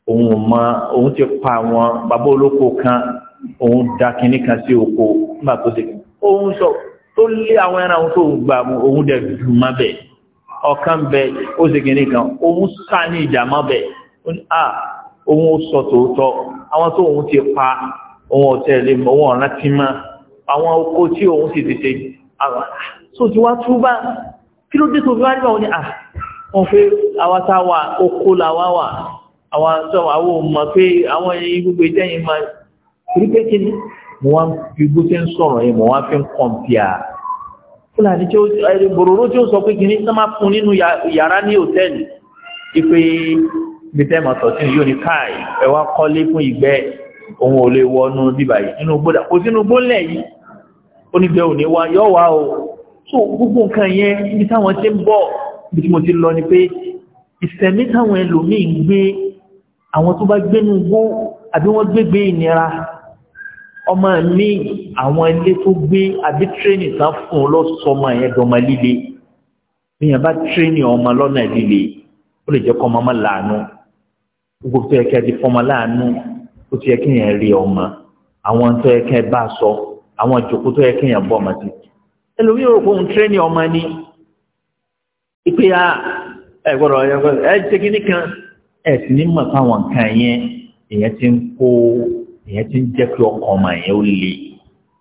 òun mọ òun ti pa àwọn bàbá olóko kan òun da kinní kan sí oko nígbà tó ṣe òun sọ tó lé àwọn ẹran tó gbà òun dẹ̀ dùn má bẹ̀ ọ̀kan bẹ ó sì kìíní kan òun sá ní ìjà má bẹ̀ òun ó sọ tòótọ́ àwọn tó òun ti pa òun ọ̀tẹ̀lẹ̀ òun ọ̀rá ti má àwọn oko tí òun sì ti ṣe àwọn tó ti wá túbá kí ló dé tó fi wá nígbà wọn ni à wọ́n pé àwa tá wà oko làwa wà àwa tó àwọn ò mọ̀ pé àwọn ẹyin gbogbo ìjẹ́yìn máa rí pé kí ni mo wá fi bó ṣe ń sọ̀rọ̀ yẹn mo wá fi ń kọ̀m̀pìà fúlàní tí ó bòròró tí ó sọ pé kìíní sọ fún nínú yàrá ní hòtẹ́ẹ̀lì ipe gbẹtẹ́ màtọ̀ sí yóò ní káàì ẹ wá kọ́lé fún ìgbẹ́ òun ò lè wọnú bíbà yìí nínú gbódà kò sínú gbólẹ̀ yìí ó ní bẹ́ẹ̀ ò ní wá yọ́ wá o tó gbogbo nǹkan yẹn níbi táwọn ti ń bọ̀ bí mo ti lọ ni pé ìsẹ̀mí táwọn ẹlòmíì ń gbé àwọn tó bá gbénu gbó àbí wọ́n gbégbé ìnira ọmọ mi àwọn ilé tó gbé àbí tírénì tán fún un lọ́sọmọ yẹn dọmọ líle bí yẹn bá tírénì ọmọ lọ́nà líle ó lè jẹ́ kọ́ ọmọ má láàánú gbogbo tó yẹ kẹ́ di fọmọ láàánú ó ti yẹ kí yẹn rí ọmọ àwọn tó yẹ kẹ́ bá sọ àwọn ìjòkó tó yẹ kí yẹn bọ́ ọmọ sí ẹlòmíì rò pé òun tírénì ọmọ ni ìpè ya ẹ gbọ́dọ̀ ẹ ṣe kíní kan ẹ sì ní mọ̀ fáwọn nǹkan yẹn ìyẹn ti ń kó ìyẹn ti ń jẹ́ pé ọkàn ọmọ yẹn ó le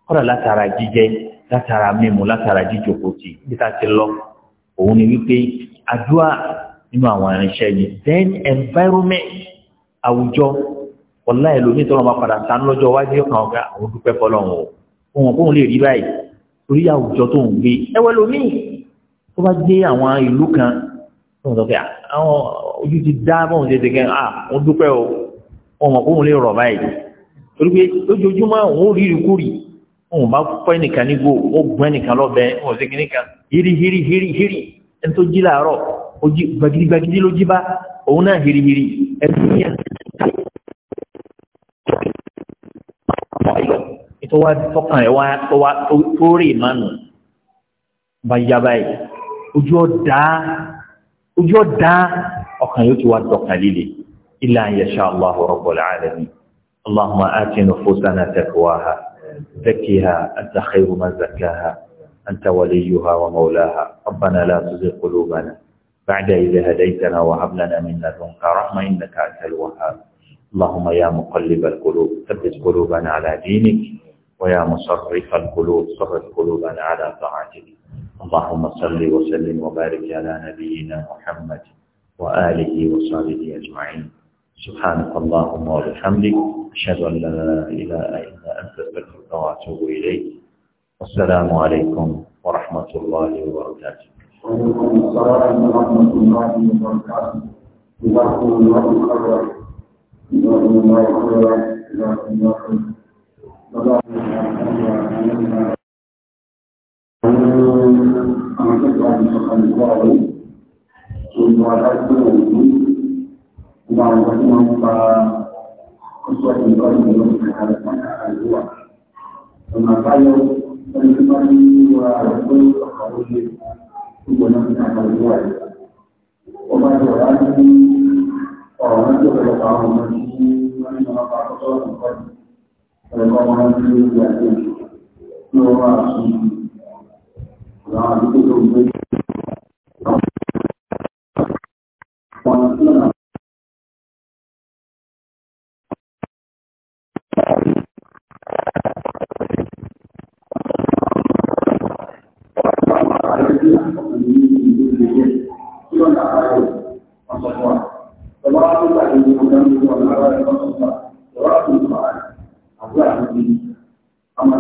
kọ́dà látara jíjẹ látara mímu látara jíjòkó tì bí ká ti lọ òun ni wípé àdúrà nínú àwọn irinṣẹ́ yìí then environment àwùjọ ọ̀la ẹlòmíì tọ́lọ́ máa padà sánú lọ́jọ́ iwájú ọ̀kan ọ̀gá àwọn dúpẹ́ fọlọ́run o òun kóun lè rí báyìí torí àwùjọ tó ń gbé ẹwẹ́ lómìn tó bá gbé àwọn ìlú kan tó ń sọ pé àwọn ojú ti dá bọ́ọ̀n ṣe kẹ́ ah òun dúpẹ́ o òun kóun lè rọ̀ báyìí torí pé lójoojúmọ́ òun ò rírì kúrì òun bá pẹ́ nìkan nígbò ó gbọ́n nìkan lọ́bẹ̀ òun ṣe kìnnìkan hírí hírí hírí hírí ẹni tó jí làárọ̀ gbagidi gbagidi ló jí bá òun náà hírí hírí ẹni yẹn tó wá tọkàn ẹ̀ wá tó rí ìmánu bá yá báyìí ojú ọ̀dá ojú ọ̀dá ọkàn yóò ti wá dọ̀kàn líle ilà ń yẹ ṣáà Allahu Rabbul Alamin. اللهم آت نفوسنا تقواها زكها أنت خير من زكاها أنت وليها ومولاها ربنا لا تزغ قلوبنا بعد إذا هديتنا وهب لنا من لدنك رحمة إنك أنت الوهاب اللهم يا مقلب القلوب ثبت قلوبنا على دينك ويا مصرف القلوب صرف قلوبنا على طاعتك اللهم صل وسلم وبارك على نبينا محمد وآله وصحبه أجمعين سبحانك اللهم وبحمدك أشهد أن لا إله إلا أنت أستغفرك وأتوب إليك والسلام عليكم ورحمة الله وبركاته. السلام ورحمة الله وبركاته. الله الله الله الله gbogbo àwọn ọ̀gbọ́n tí wọ́n ń pa oṣù ọ̀sẹ̀ nǹkan ìlú ló ń fi kalẹ̀ fún àìlú wa. ọ̀nà àbáyọ ẹni tó bá ní wà lọ́wọ́